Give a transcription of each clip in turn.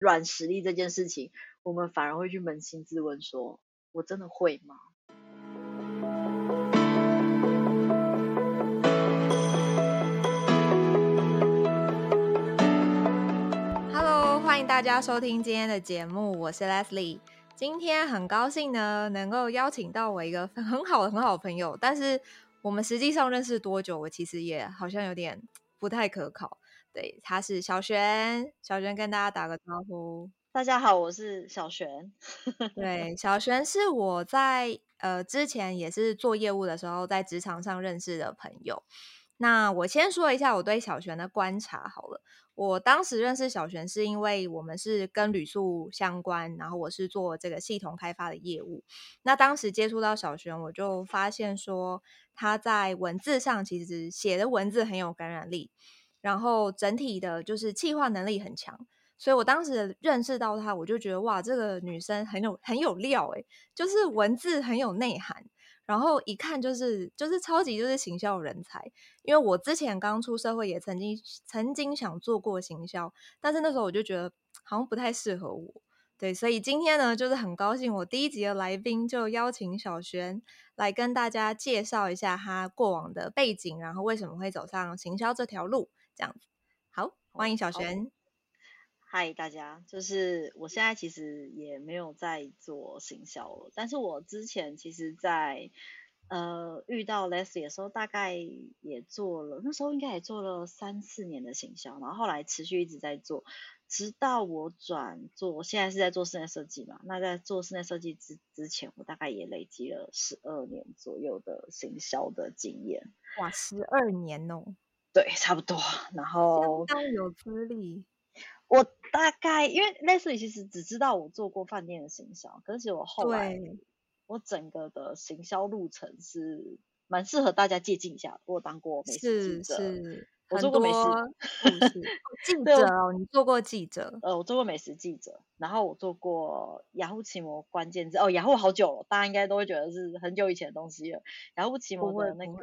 軟實力這件事情，我們反而會去捫心自問說，說我真的會嗎？Hello，歡迎大家收聽今天的節目，我是 Leslie。今天很高興呢，能夠邀請到我一個很好的、很好的朋友，但是我們實際上認識多久，我其實也好像有點不太可靠。對，他是小琁，小琁跟大家打個招呼，大家好，我是小琁。 對，小琁是我在呃之前也是做業務的時候，在職場上認識的朋友。那我先說一下我對小琁的觀察好了。我當時認識小琁是因為我們是跟旅宿相關，然後我是做這個系統開發的業務。那當時接觸到小琁，我就發現說他在文字上其實寫的文字很有感染力。然後整體的就是企劃能力很強，所以我當時認識到她，我就覺得哇，這個女生很有很有料誒、欸，就是文字很有內涵，然後一看就是就是超級就是行銷人才。因為我之前剛出社會也曾經曾經想做過行銷，但是那時候我就覺得好像不太適合我，對，所以今天呢就是很高興，我第一集的來賓就邀請小琁來跟大家介紹一下她過往的背景，然後為什麼會走上行銷這條路。這樣子好，歡迎小琁。Okay. Hi，大家，就是我現在其實也沒有在做行銷了，但是我之前其實在，在呃遇到 Lesley 的時候，大概也做了，那時候應該也做了三四年的行銷，然後後來持續一直在做，直到我轉做，我現在是在做室內設計嘛。那在做室內設計之之前，我大概也累積了十二年左右的行銷的經驗。哇，十二年哦。對，差不多。然後都有資歷，我大概因為那時候其實只知道我做過飯店的行銷，可是我後來對我整個的行銷路程是蠻適合大家借鑒一下。我當過美食記者，是是我做過美食記者，哦，對你做過記者？呃，我做過美食記者，然後我做過雅虎、ah、奇摩關鍵字。哦，雅虎好久了，大家應該都會覺得是很久以前的東西了。雅虎奇摩的那個。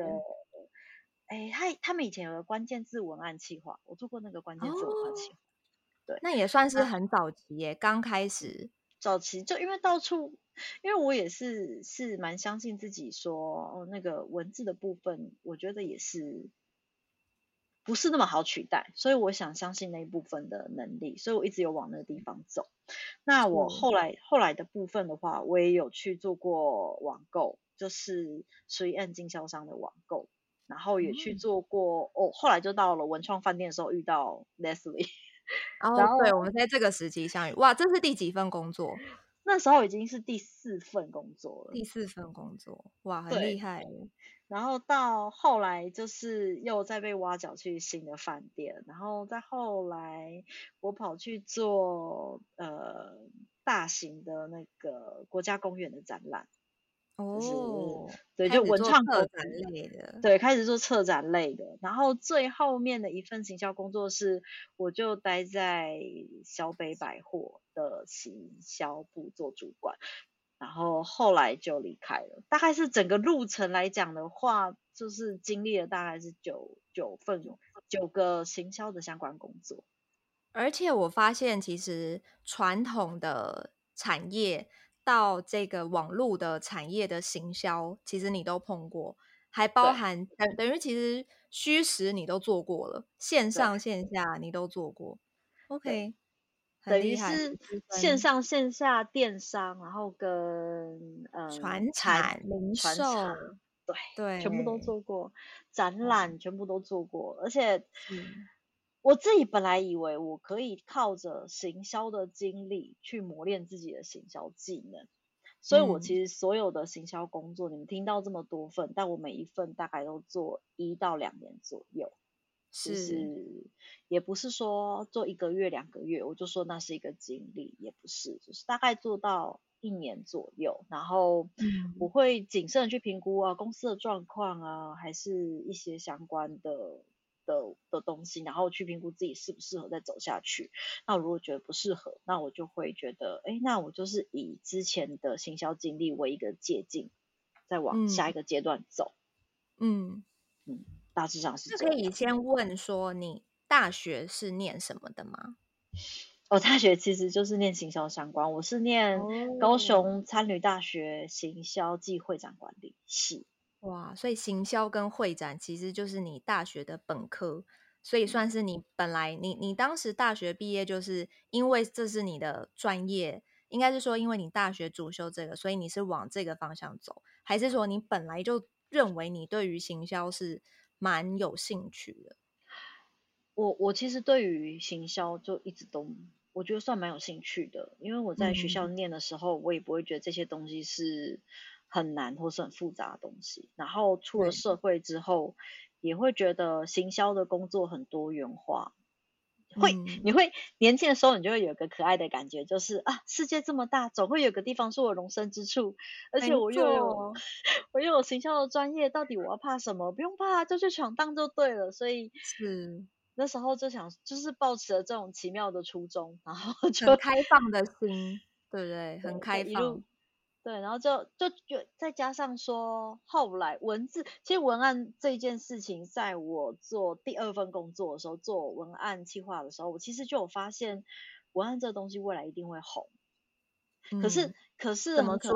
哎、欸，他他們以前有個關鍵字文案企劃，我做過那個關鍵字文案企劃。哦、對，那也算是很早期耶，剛開始早期就因為到處，因為我也是是蠻相信自己說，哦，那個文字的部分，我覺得也是不是那麼好取代，所以我想相信那一部分的能力，所以我一直有往那個地方走。那我後來、嗯、後來的部分的話，我也有去做過網購，就是屬於按經銷商的網購。然後也去做過、嗯、哦，後來就到了文創飯店的時候遇到 Leslie，然後,然後對我們在這個時期相遇。哇，這是第幾份工作？那時候已經是第四份工作了。第四份工作，哇，很厲害。對然後到後來就是又再被挖角去新的飯店，然後再後來我跑去做呃大型的那個國家公園的展覽。就是、哦，對，開始 就文創、策展類的，對，開始做策展類的，然後最後面的一份行銷工作是，我就待在小北百貨的行銷部做主管，然後後來就離開了。大概是整個路程來講的話，就是經歷了大概是九九份九個行銷的相關工作，而且我發現其實傳統的產業，到這個網路的產業的行銷，其實你都碰過，還包含等對等於其實虛實你都做過了，線上線下你都做過，OK，很厲害，等於是線上線下電商，然後跟、嗯、傳產零傳售，對對，對全部都做過，展覽全部都做過，而且。嗯我自己本來以為我可以靠着行銷的經歷去磨練自己的行銷技能，嗯，所以我其實所有的行銷工作，你們聽到這麼多份，但我每一份大概都做一到兩年左右，是，就是也不是說做一個月兩個月，我就說那是一個經歷，也不是，就是大概做到一年左右，然後我會謹慎去評估啊，公司的狀況啊，還是一些相關的。的的東西，然後去評估自己適不適合再走下去。那我如果覺得不適合，那我就會覺得，哎，那我就是以之前的行銷經歷為一個借鑑，再往下一個階段走。嗯嗯，大致上是這。這可以先問說你大學是念什麼的嗎？我、oh, 大學其實就是念行銷相關，我是念高雄餐旅大學行銷暨會展管理系。哇，所以行銷跟會展其實就是你大學的本科，所以算是你本來你、你當時大學畢業，就是因為這是你的專業？應該是說因為你大學主修這個，所以你是往這個方向走，還是說你本來就認為你對於行銷是蠻有興趣的？我、我其實對於行銷就一直都，我覺得算蠻有興趣的，因為我在學校念的時候，我也不會覺得這些東西是。很難或是很複雜的東西，然後出了社會之後，對也會覺得行銷的工作很多元化，嗯、會你會年輕的時候，你就會有個可愛的感覺，就是啊，世界這麼大，總會有個地方是我容身之處，而且我又做 我又有行銷的專業，到底我要怕什麼？不用怕，就去闖蕩就對了。所以是、嗯、那時候就想，就是抱持了這種奇妙的初衷，然後就開放的心，對不對？對很開放。對，然後就就就再加上說，後來文字其實文案這件事情，在我做第二份工作的時候做文案企劃的時候，我其實就有發現，文案這個東西未來一定會紅。嗯、可是可是怎麼說？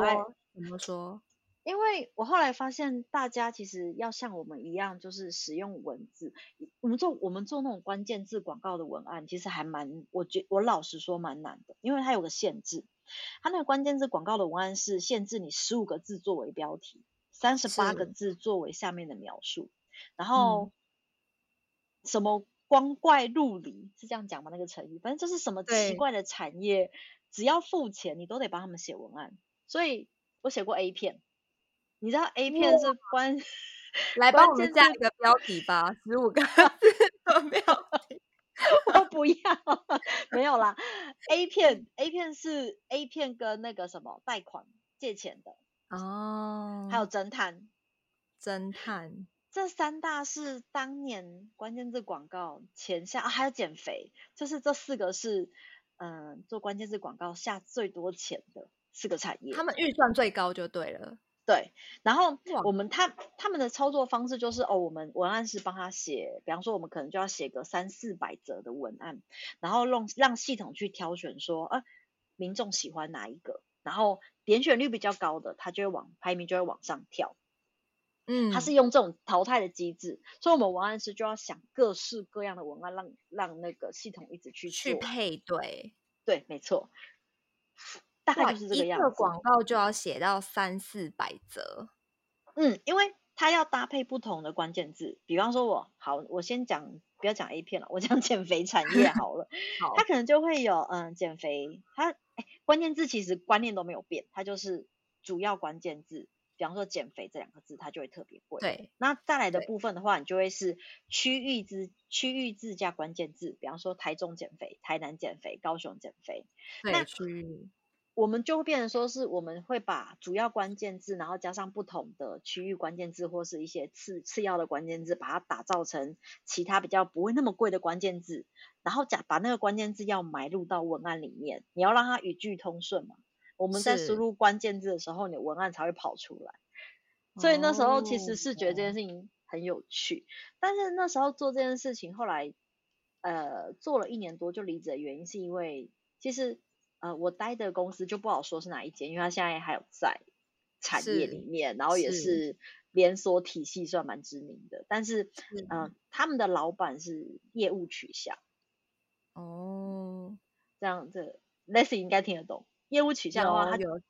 怎麼說？因為我後來發現，大家其實要像我們一樣，就是使用文字。我們做我們做那種關鍵字廣告的文案，其實還蠻，我覺得我老實說蠻難的，因為它有個限制。它那個關鍵字廣告的文案是限制你十五個字作為標題，三十八個字作為下面的描述。是然後、嗯、什麼光怪陸離是這樣講嗎？那個成語，反正就是什麼奇怪的產業，對只要付錢，你都得幫他們寫文案。所以我寫過 A 片，你知道 A 片是關,哇關鍵來幫我們加一個標題吧，十五 個沒有， 我不要， 沒有啦。A 片，A 片是 A 片跟那個什麼貸款借錢的哦，還有偵探，偵探這三大是當年關鍵字廣告錢下，哦，還有減肥，就是這四個是嗯、呃、做關鍵字廣告下最多錢的四個產業，他們預算最高就對了。對，然後我們他他們的操作方式就是哦，我們文案師幫他寫，比方說我們可能就要寫個三四百則的文案，然後弄，讓，讓系統去挑選說，啊民眾喜歡哪一個，然後點選率比較高的，他就會往排名就會往上跳。嗯，他是用這種淘汰的機制，所以我們文案師就要想各式各樣的文案讓，讓讓那個系統一直去去配對，對，沒錯。大概就是這個樣子，這個廣告就要寫到三四百則，嗯，因為它要搭配不同的關鍵字，比方說我好，我先講不要講 A 片了，我講減肥產業好了， 好，它可能就會有嗯減肥，它哎、欸、關鍵字其實觀念都沒有變，它就是主要關鍵字，比方說減肥這兩個字它就會特別貴，對，那再來的部分的話，你就會是區域字區對域字加關鍵字，比方說台中減肥、台南減肥、高雄減肥，對，區那域。我們就會變成說，是我們會把主要關鍵字，然後加上不同的區域關鍵字，或是一些次次要的關鍵字，把它打造成其他比較不會那麼貴的關鍵字。然後假把那個關鍵字要埋入到文案裡面，你要讓它語句通順嘛。我們在輸入關鍵字的時候，是你的文案才會跑出來。所以那時候其實是覺得這件事情很有趣，哦、但是那時候做這件事情，後來呃做了一年多就離職的原因是因為其實。呃，我待的公司就不好說是哪一間，因為他現在還有在產業裡面，是然後也是連鎖體系算蠻知名的。是但是，嗯、呃，他們的老闆是業務取向。哦，這樣子 Leslie 應該聽得懂業務取向的話，有他就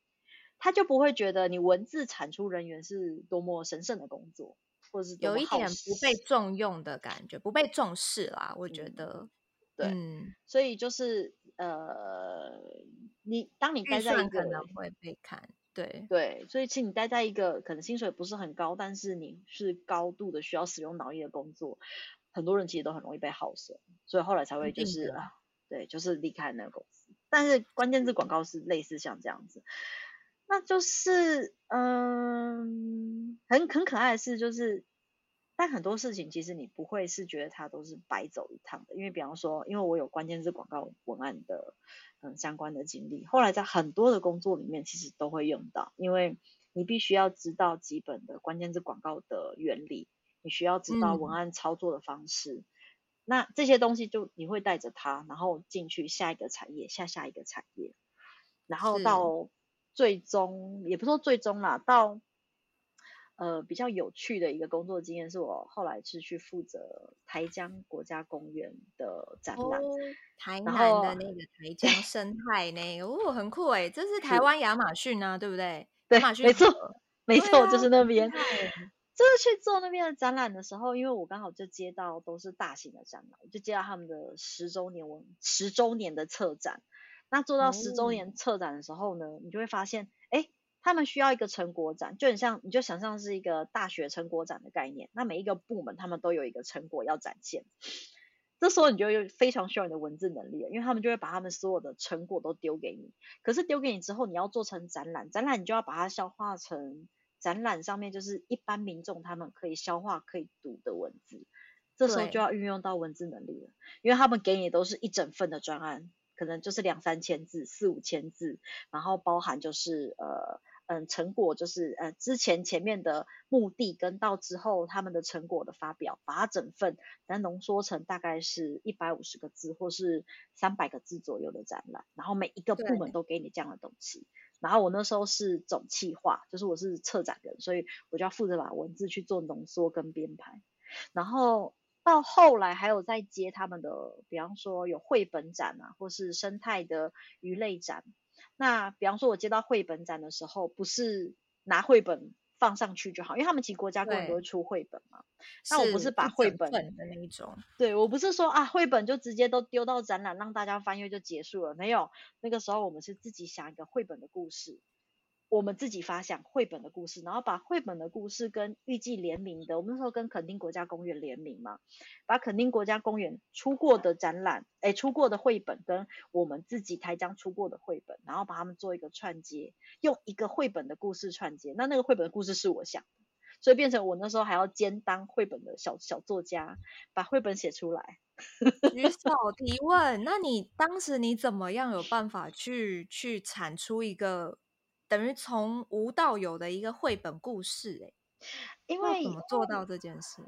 他就不會覺得你文字產出人員是多麼神聖的工作，或者是有一點不被重用的感覺，不被重視啦。我覺得。嗯對嗯，所以就是呃，你當你待在一個預算可能會被砍，對對，所以請你待在一個，可能薪水不是很高，但是你是高度的需要使用腦力的工作，很多人其實都很容易被耗損，所以後來才會就是啊，格對，就是離開那個公司。但是關鍵字廣告是類似像這樣子，那就是嗯，很很可愛的是就是。但很多事情其實你不會是覺得它都是白走一趟的，因為比方說，因為我有關鍵字廣告文案的嗯相關的經歷，後來在很多的工作裡面其實都會用到，因為你必須要知道基本的關鍵字廣告的原理，你需要知道文案操作的方式，嗯、那這些東西就你會帶着它，然後進去下一個產業，下下一個產業，然後到最終、嗯、也不說最終啦，到。呃，比較有趣的一個工作經驗，是我後來是去負責台江國家公園的展覽，哦，台南的那個台江生態呢，對哦，很酷哎，欸，這是台灣亞馬遜啊，對，對不對？亞馬遜對，沒錯，沒錯，啊，就是那邊。啊， 就是去做那邊的展覽的時候，因為我剛好就接到都是大型的展覽，就接到他們的十周年文，十周年的策展。那做到十周年策展的時候呢，哦，你就會發現，哎，欸。他們需要一個成果展，就很像你就想象是一個大學成果展的概念。那每一個部門他們都有一個成果要展現，這時候你就有非常需要你的文字能力了，因為他們就會把他們所有的成果都丟給你。可是丟給你之後，你要做成展覽，展覽你就要把它消化成展覽上面，就是一般民眾他們可以消化、可以讀的文字。這時候就要運用到文字能力了，因為他們給你都是一整份的專案，可能就是兩三千字、四五千字，然後包含就是呃。嗯、呃，成果就是呃，之前前面的目的跟到之後他們的成果的發表，把它整份再濃縮成大概是一百五十個字或是三百個字左右的展覽，然後每一個部門都給你這樣的東西。對然後我那時候是總企劃，就是我是策展人，所以我就要負責把文字去做濃縮跟編排。然後到後來還有在接他們的，比方說有繪本展啊，或是生態的魚類展。那比方說，我接到繪本展的時候，不是拿繪本放上去就好，因為他們其實國家更不會出繪本嘛。那對我不是把繪本的那一種，一種對我不是說啊，繪本就直接都丟到展覽讓大家翻閱就結束了，沒有。那個時候我們是自己想一個繪本的故事。我們自己發想繪本的故事，然後把繪本的故事跟預計聯名的，我們那時候跟墾丁國家公園聯名嘛，把墾丁國家公園出過的展覽，哎，出過的繪本跟我們自己台江出過的繪本，然後把他們做一個串接，用一個繪本的故事串接。那那個繪本的故事是我想的，所以變成我那時候還要兼當繪本的小小作家，把繪本寫出來。舉手提問， 那你當時你怎麼樣有辦法去去產出一個？等於從無到有的一個繪本故事，欸，哎，因為怎麼做到這件事？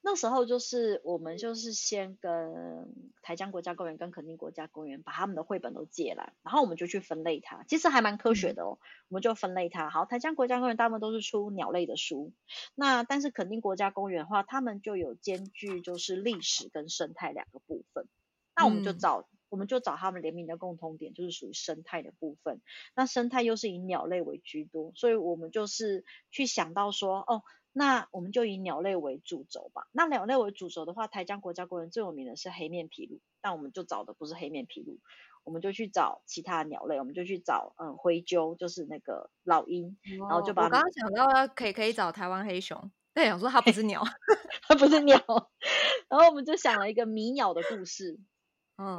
那時候就是我們就是先跟台江國家公園跟墾丁國家公園把他們的繪本都借來，然後我們就去分類它，其實還蠻科學的哦。嗯、我們就分類它，好，台江國家公園大部分都是出鳥類的書，那但是墾丁國家公園的話，他們就有兼具就是歷史跟生態兩個部分，那我們就找。嗯我們就找他們聯名的共同點，就是屬於生態的部分。那生態又是以鳥類為居多，所以我們就是去想到說，哦，那我們就以鳥類為主軸吧。那鳥類為主軸的話，台江國家公園最有名的是黑面琵鷺，但我們就找的不是黑面琵鷺，我們就去找其他鳥類，我們就去找嗯灰鷲，就是那個老鷹，哦、然後就把。我剛剛想到要可以可以找台灣黑熊，但想說它不是鳥，它 不是鳥，然後我們就想了一個迷鳥的故事。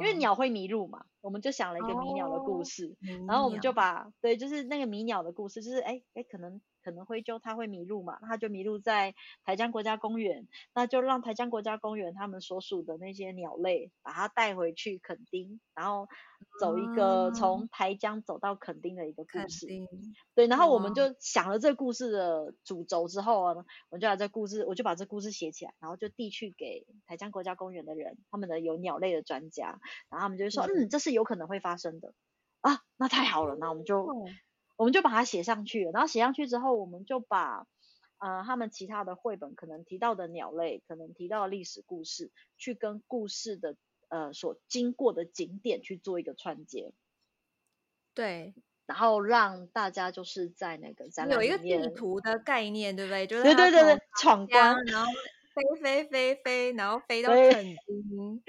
因為鳥會迷路嘛，我們就想了一個迷鳥的故事，哦、然後我們就把，對，就是那個迷鳥的故事，就是哎、哎，可能。可能會就它會迷路嘛，它就迷路在台江國家公園，那就讓台江國家公園他們所屬的那些鳥類把它帶回去墾丁，然後走一個從台江走到墾丁的一個故事。啊、對，然後我們就想了這個故事的主軸之後啊，哦、我們就把這故事，我就把這故事寫起來，然後就遞去給台江國家公園的人，他們的有鳥類的專家，然後他們就說、啊嗯，這是有可能會發生的啊，那太好了，那我們就。嗯我們就把它寫上去，然後寫上去之後，我們就把呃他們其他的繪本可能提到的鳥類，可能提到歷史故事，去跟故事的呃所經過的景點去做一個串接。對，然後讓大家就是在那個在有一個地圖的概念，對不對？就是對，對對對，闖關，然後飛飛飛飛， 然後飛到墾丁，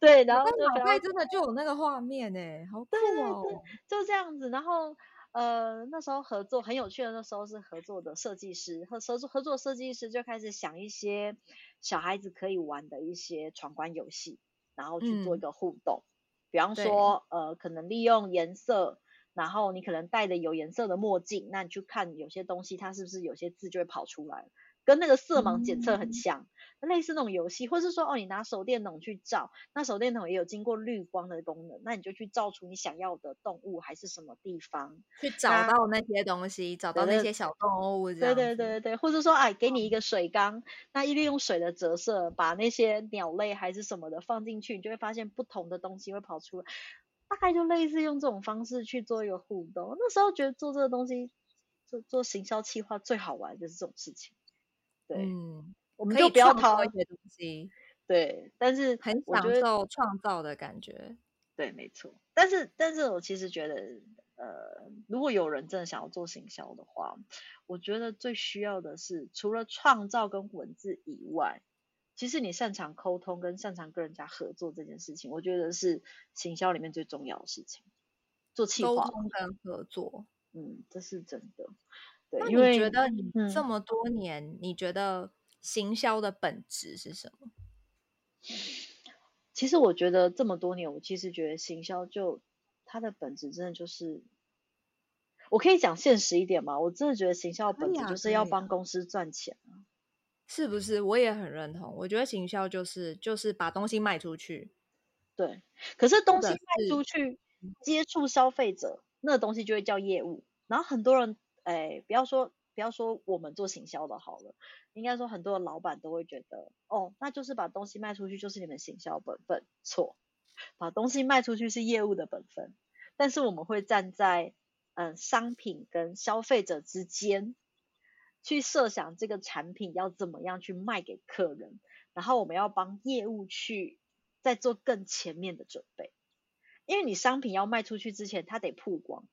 對， 對，然後。那腦內真的就有那個畫面哎，好酷哦對對對！就這樣子，然後。呃，那時候合作很有趣的，那時候是合作的設計師合合作合作的設計師就開始想一些小孩子可以玩的一些闖關遊戲，然後去做一個互動。嗯、比方說，對呃，可能利用顏色，然後你可能戴的有顏色的墨鏡，那你去看有些東西，它是不是有些字就會跑出來？跟那個色盲檢測很像，嗯、類似那種遊戲，或是說哦，你拿手電筒去照，那手電筒也有經過濾光的功能，那你就去照出你想要的動物還是什麼地方，去找到那些東西，啊、找到那些小動物，這樣，對對對對，或者說哎，給你一個水缸，那利用水的折射，把那些鳥類還是什麼的放進去，你就會發現不同的東西會跑出來，大概就類似用這種方式去做一個互動。那時候覺得做這個東西，做做行銷企劃最好玩就是這種事情。對，嗯，我們就不要討論一些東西。對，但是很享受創造的感覺。對，沒錯。但是，但是我其實覺得，呃，如果有人真的想要做行銷的話，我覺得最需要的是除了創造跟文字以外，其實你擅長溝通跟擅長跟人家合作這件事情，我覺得是行銷裡面最重要的事情。做企劃溝通跟合作，嗯，這是真的。對、因為，那你覺得你這麼多年，嗯、你覺得行銷的本質是什麼？其實我覺得這麼多年，我其實覺得行銷就它的本質真的就是，我可以講現實一點嘛，我真的覺得行銷的本質就是要幫公司賺錢、哎、是不是？我也很認同。我覺得行銷就是就是把東西賣出去，對。可是東西賣出去，接觸消費者，那東西就會叫業務，然後很多人。哎，不要說不要說我們做行銷的好了，應該說很多的老闆都會覺得，哦，那就是把東西賣出去就是你們行銷本分，錯，把東西賣出去是業務的本分，但是我們會站在嗯商品、跟消費者之間，去設想這個產品要怎麼樣去賣給客人，然後我們要幫業務去再做更前面的準備，因為你商品要賣出去之前，它得曝光。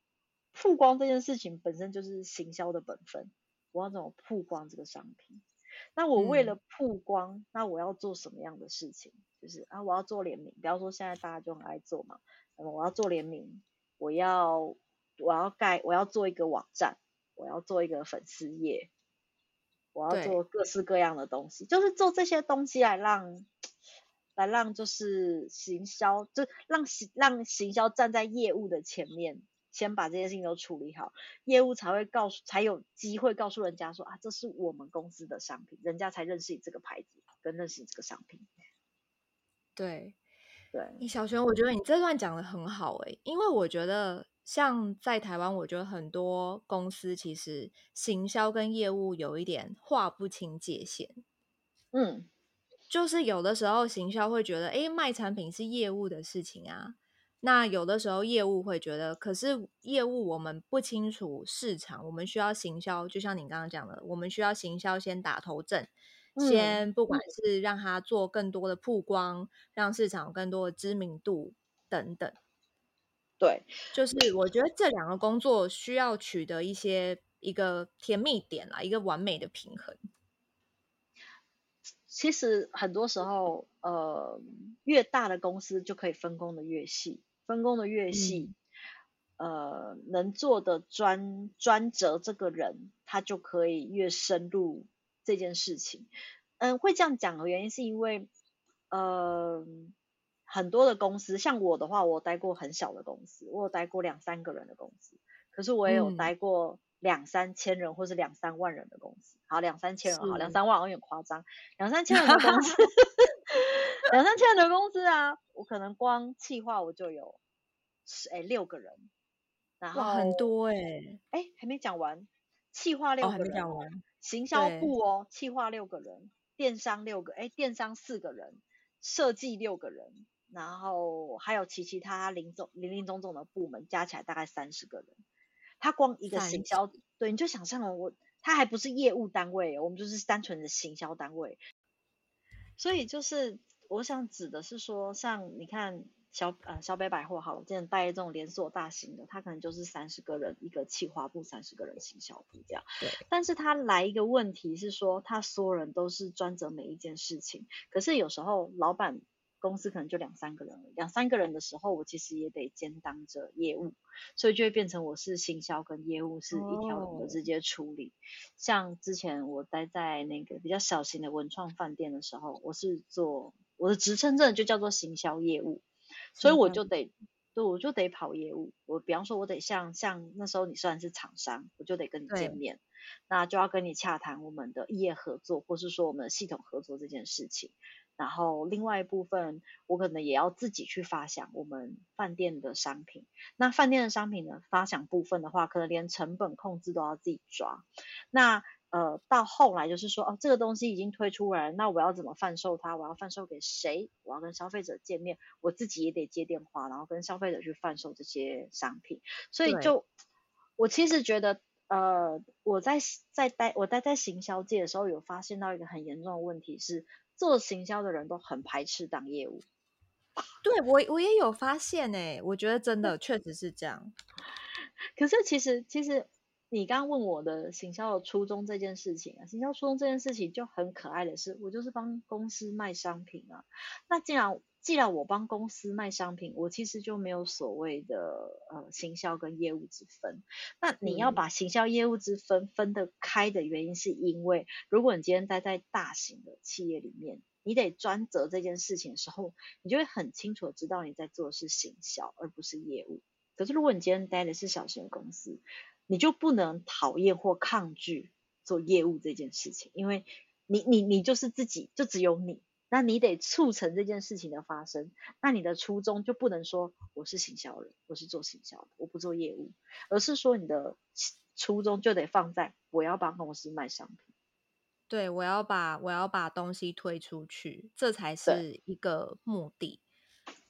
曝光這件事情本身就是行銷的本分。我要怎麼曝光這個商品？那我為了曝光，嗯、那我要做什麼樣的事情？就是啊，我要做聯名，比方說現在大家就很愛做嘛。嗯、我要做聯名，我要我要蓋，我要做一個網站，我要做一個粉絲頁，我要做各式各樣的東西，對就是做這些東西來讓來讓就是行銷，就讓行讓行銷站在業務的前面。先把這些事情都處理好，業務才會告訴，才有機會告訴人家說啊，這是我們公司的商品，人家才認識你這個牌子，跟認識你這個商品。對，對，小琁，我覺得你這段講得很好誒、欸，對因為我覺得像在台灣，我覺得很多公司其實行銷跟業務有一點劃不清界限。嗯，就是有的時候行銷會覺得，哎，賣產品是業務的事情啊。那有的時候業務會覺得，可是業務我們不清楚市場，我們需要行銷。就像你剛剛講的，我們需要行銷先打頭陣，嗯、先不管是讓他做更多的曝光，嗯、讓市場更多的知名度等等。對，就是我覺得這兩個工作需要取得一些一個甜蜜點啦，一個完美的平衡。其實很多時候，呃，越大的公司就可以分工的越細。分工的越細，嗯、呃，能做的專專責這個人，他就可以越深入這件事情。嗯，會這樣講的原因是因為，呃，很多的公司，像我的話，我待過很小的公司，我有待過兩三個人的公司，可是我也有待過兩三千人，或是兩三萬人的公司。嗯、好，兩三千人，是好，兩三萬好像有點誇張，兩三千人的公司。 兩三千人的工資啊！我可能光企劃我就有是哎六個人，然後，哇，很多哎、欸、哎、欸、還沒講完，企劃六個人，哦、行銷部哦，對企劃六個人，電商六個哎、欸，電商四個人，設計六個人，然後還有其其他零總零零總總的部門加起來大概三十個人，他光一個行銷，了對，你就想象我，我，他還不是業務單位，我們就是單純的行銷單位，所以就是。我想指的是說，像你看小呃小北百貨好，我之前待這種連鎖大型的，他可能就是三十個人一個企劃部，三十個人行銷部這樣。對但是他來一個問題是說，他所有人都是專責每一件事情。可是有時候老板公司可能就兩三個人，兩三個人的時候，我其實也得兼當着業務，所以就會變成我是行銷跟業務是一條龍的直接處理。Oh. 像之前我待在那個比較小型的文創飯店的時候，我是做。我的職稱證就叫做行銷業務，銷所以我就得，對我就得跑業務。我比方說，我得像像那時候你算是廠商，我就得跟你見面，對那就要跟你洽談我們的異業合作，或是說我們的系統合作這件事情。然後另外一部分，我可能也要自己去發想我們飯店的商品。那飯店的商品呢，發想部分的話，可能連成本控制都要自己抓。那呃，到後來就是說，哦，這個東西已經推出來，那我要怎麼販售它？我要販售給誰？我要跟消費者見面，我自己也得接電話，然後跟消費者去販售這些商品。所以就，對我其實覺得，呃，我在在待我待在行銷界的時候，有發現到一個很嚴重的問題是，做行銷的人都很排斥當業務。對我，我也有發現哎、欸，我覺得真的、嗯、確實是這樣。可是其實其實。你剛剛問我的行銷的初衷這件事情啊，行銷初衷這件事情就很可愛的是，我就是幫公司賣商品啊。那既然既然我幫公司賣商品，我其實就沒有所謂的呃行銷跟業務之分。那你要把行銷業務之分分得開的原因，是因為如果你今天待在大型的企業裡面，你得專責這件事情的時候，你就會很清楚的知道你在做的是行銷而不是業務。可是如果你今天待的是小型公司，你就不能討厭或抗拒做業務這件事情，因為你、你、你就是自己，就只有你，那你得促成這件事情的發生。那你的初衷就不能說我是行銷人，我是做行銷的，我不做業務，而是說你的初衷就得放在我要幫公司賣商品，對，我要把我要把東西推出去，這才是一個目的。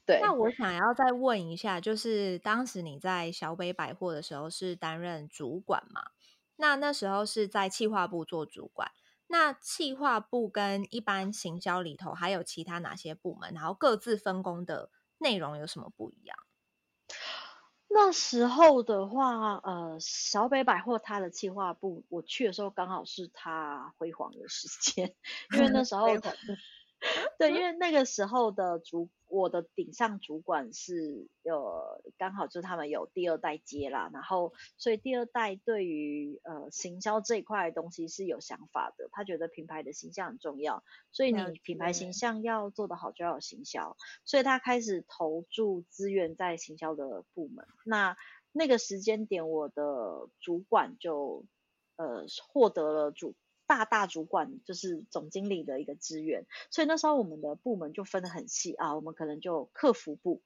對那我想要再問一下，就是當時你在小北百貨的時候是擔任主管嘛？那那時候是在企劃部做主管，那企劃部跟一般行銷裡頭還有其他哪些部門？然後各自分工的內容有什麼不一樣？那時候的話，呃，小北百貨它的企劃部，我去的時候剛好是它輝煌的時間，因為那時候， 對，因為那個時候的主。我的頂上主管是呃，剛好就他們有第二代接啦，然後所以第二代對於呃行銷這一塊東西是有想法的。他覺得品牌的形象很重要，所以你品牌形象要做得好就要有行銷，嗯、所以他開始投注資源在行銷的部門。那那個時間點，我的主管就呃獲得了主。大大主管就是總經理的一個資源，所以那時候我們的部門就分得很細啊。我們可能就客服部，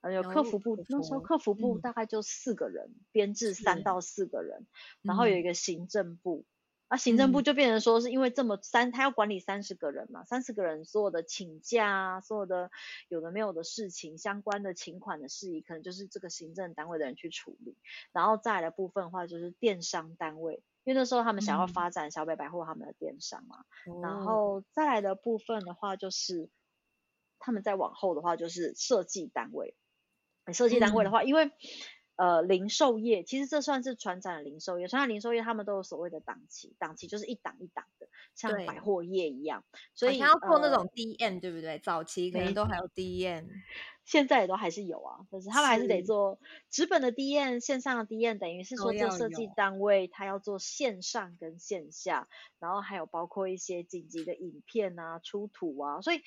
還有客服部。啊、客服部那時候客服部大概就四個人，編、嗯、制三到四個人。是然後有一個行政部，嗯、啊，行政部就變成說是因為這麼三，他要管理三十個人嘛，三十、嗯、個人所有的請假，所有的有的沒有的事情，相關的請款的事宜，可能就是這個行政單位的人去處理。然後再來的部分的話就是電商單位。因為那時候他們想要發展小北百貨他們的電商嘛，然後再來的部分的話就是，他們再往後的話就是設計單位，設計單位的話，因為呃零售業其實這算是傳產的零售業，傳產零售業他們都有所謂的檔期，檔期就是一檔一檔。像百貨業一樣，對所以他要做那種 DM、呃、對不對？早期可能都還有 DM，現在也都還是有啊，但，就是他們還是得做是紙本的 DM，線上的 DM，等於是說，這設計單位他要做線上跟線下，然後還有包括一些緊急的影片啊、出圖啊，所以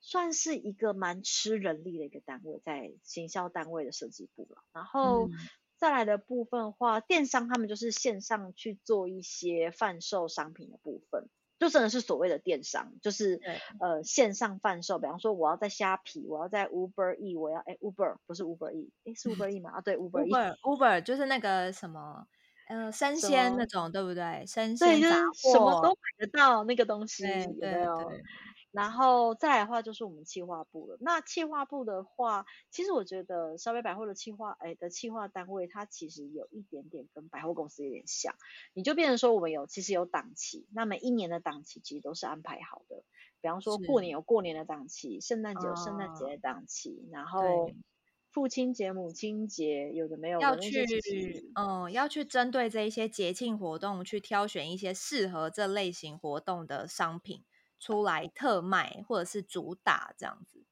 算是一個蠻吃人力的一個單位，在行銷單位的設計部。然後再來的部分的話，嗯、電商他們就是線上去做一些販售商品的部分。就真的是所謂的電商，就是對呃線上販售。比方說，我要在蝦皮，我要在 Uber E，我要哎 Uber 不是 Uber E，誒是 Uber E 嗎？嗯、啊對，Uber E，Uber 就是那個什麼，呃生鮮那種 so，對不對？生鮮、就是、什麼都買得到那個東西，對。有沒有對對然後再來的話就是我們企劃部了。那企劃部的話，其實我覺得稍微百貨的企劃，哎的企劃單位，它其實有一點點跟百貨公司有點像。你就變成說，我們有其實有檔期，那每一年的檔期其實都是安排好的。比方說過年有過年的檔期，是聖誕節有聖誕節的檔期，嗯、然後父親節、母親節有的沒有要去，嗯，要去針對這一些節慶活動去挑選一些適合這類型活動的商品。出來特賣或者是主打這樣子，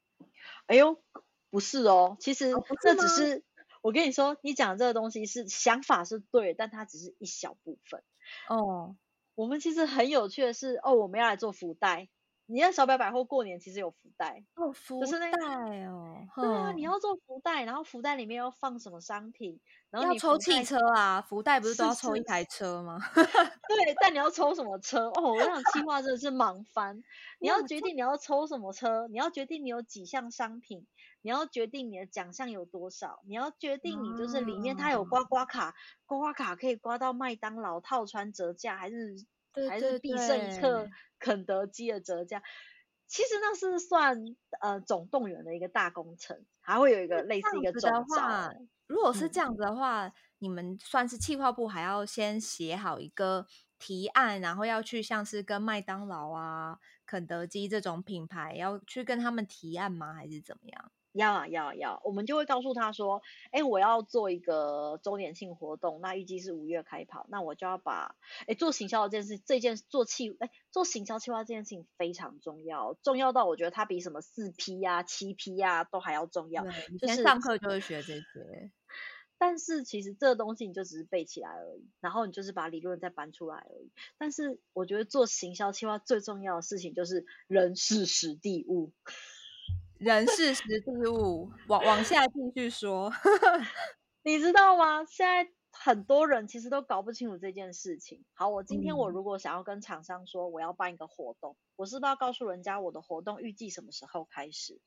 哎呦，不是哦，其實這只是，啊，是我跟你說，你講這個東西是想法是對，但它只是一小部分哦，嗯。我們其實很有趣的是，哦，我們要來做福袋。你在小百百貨過年其實有福袋哦，福袋哦，那個、對啊，哼你要做福袋，然後福袋裡面要放什麼商品，然後你要抽汽車啊，福袋不是都要抽一台車嗎？是是 對，但你要抽什麼車哦？Oh, 我想企劃真的是忙翻， 你要決定你要抽什麼車，你要決定你有幾項商品，你要決定你的獎項有多少，你要決定你就是裡面它有刮刮卡，刮、嗯、刮卡可以刮到麥當勞套餐折價還是？還是必勝客肯德基的折價，對對對其實那是算呃總動員的一個大工程，還會有一個類似一個折價如果是這樣子的話，嗯、你們算是企劃部還要先寫好一個提案，然後要去像是跟麥當勞啊、肯德基這種品牌要去跟他們提案嗎？還是怎麼樣？要啊要要，yeah, yeah, yeah. 我們就會告訴他說，哎、欸，我要做一個周年慶活動，那預計是五月開跑，那我就要把，誒、欸、做行銷這件事，這件做企哎、欸，做行銷企劃這件事情非常重要，重要到我覺得它比什麼四 P 呀、啊、七 P 呀、啊、都還要重要。以前、嗯就是、上課就會學這些，但是其實這個東西你就只是背起來而已，然後你就是把理論再搬出來而已。但是我覺得做行銷企劃最重要的事情就是人事實地物。人事時地物， 往往下繼續說， 你知道嗎？現在很多人其實都搞不清楚這件事情。好，我今天我如果想要跟廠商說我要辦一個活動，我是不是要告訴人家我的活動預計什麼時候開始？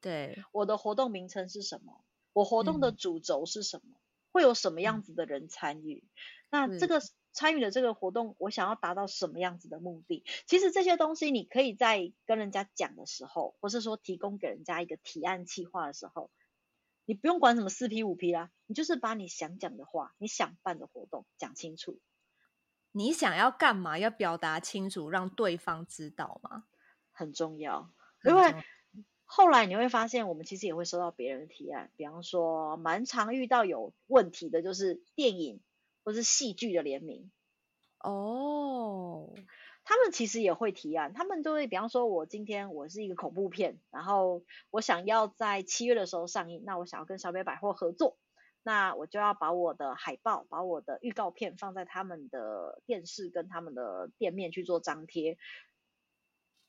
對，我的活動名稱是什麼？我活動的主軸是什麼？嗯、會有什麼樣子的人參與？那這個。參與的這個活動，我想要達到什麼樣子的目的？其實這些東西，你可以在跟人家講的時候，或是說提供給人家一個提案企劃的時候，你不用管什麼四 P 五 P 啦，你就是把你想講的話，你想辦的活動講清楚。你想要幹嘛？要表達清楚，讓對方知道嘛，很重要。重要因為後來你會發現，我們其實也會收到別人的提案，比方說蠻常遇到有問題的，就是電影。或是戲劇的聯名哦，oh. 他們其實也會提案，他們就會比方說，我今天我是一個恐怖片，然後我想要在七月的時候上映，那我想要跟小北百貨合作，那我就要把我的海報、把我的預告片放在他們的電視跟他們的店面去做張貼，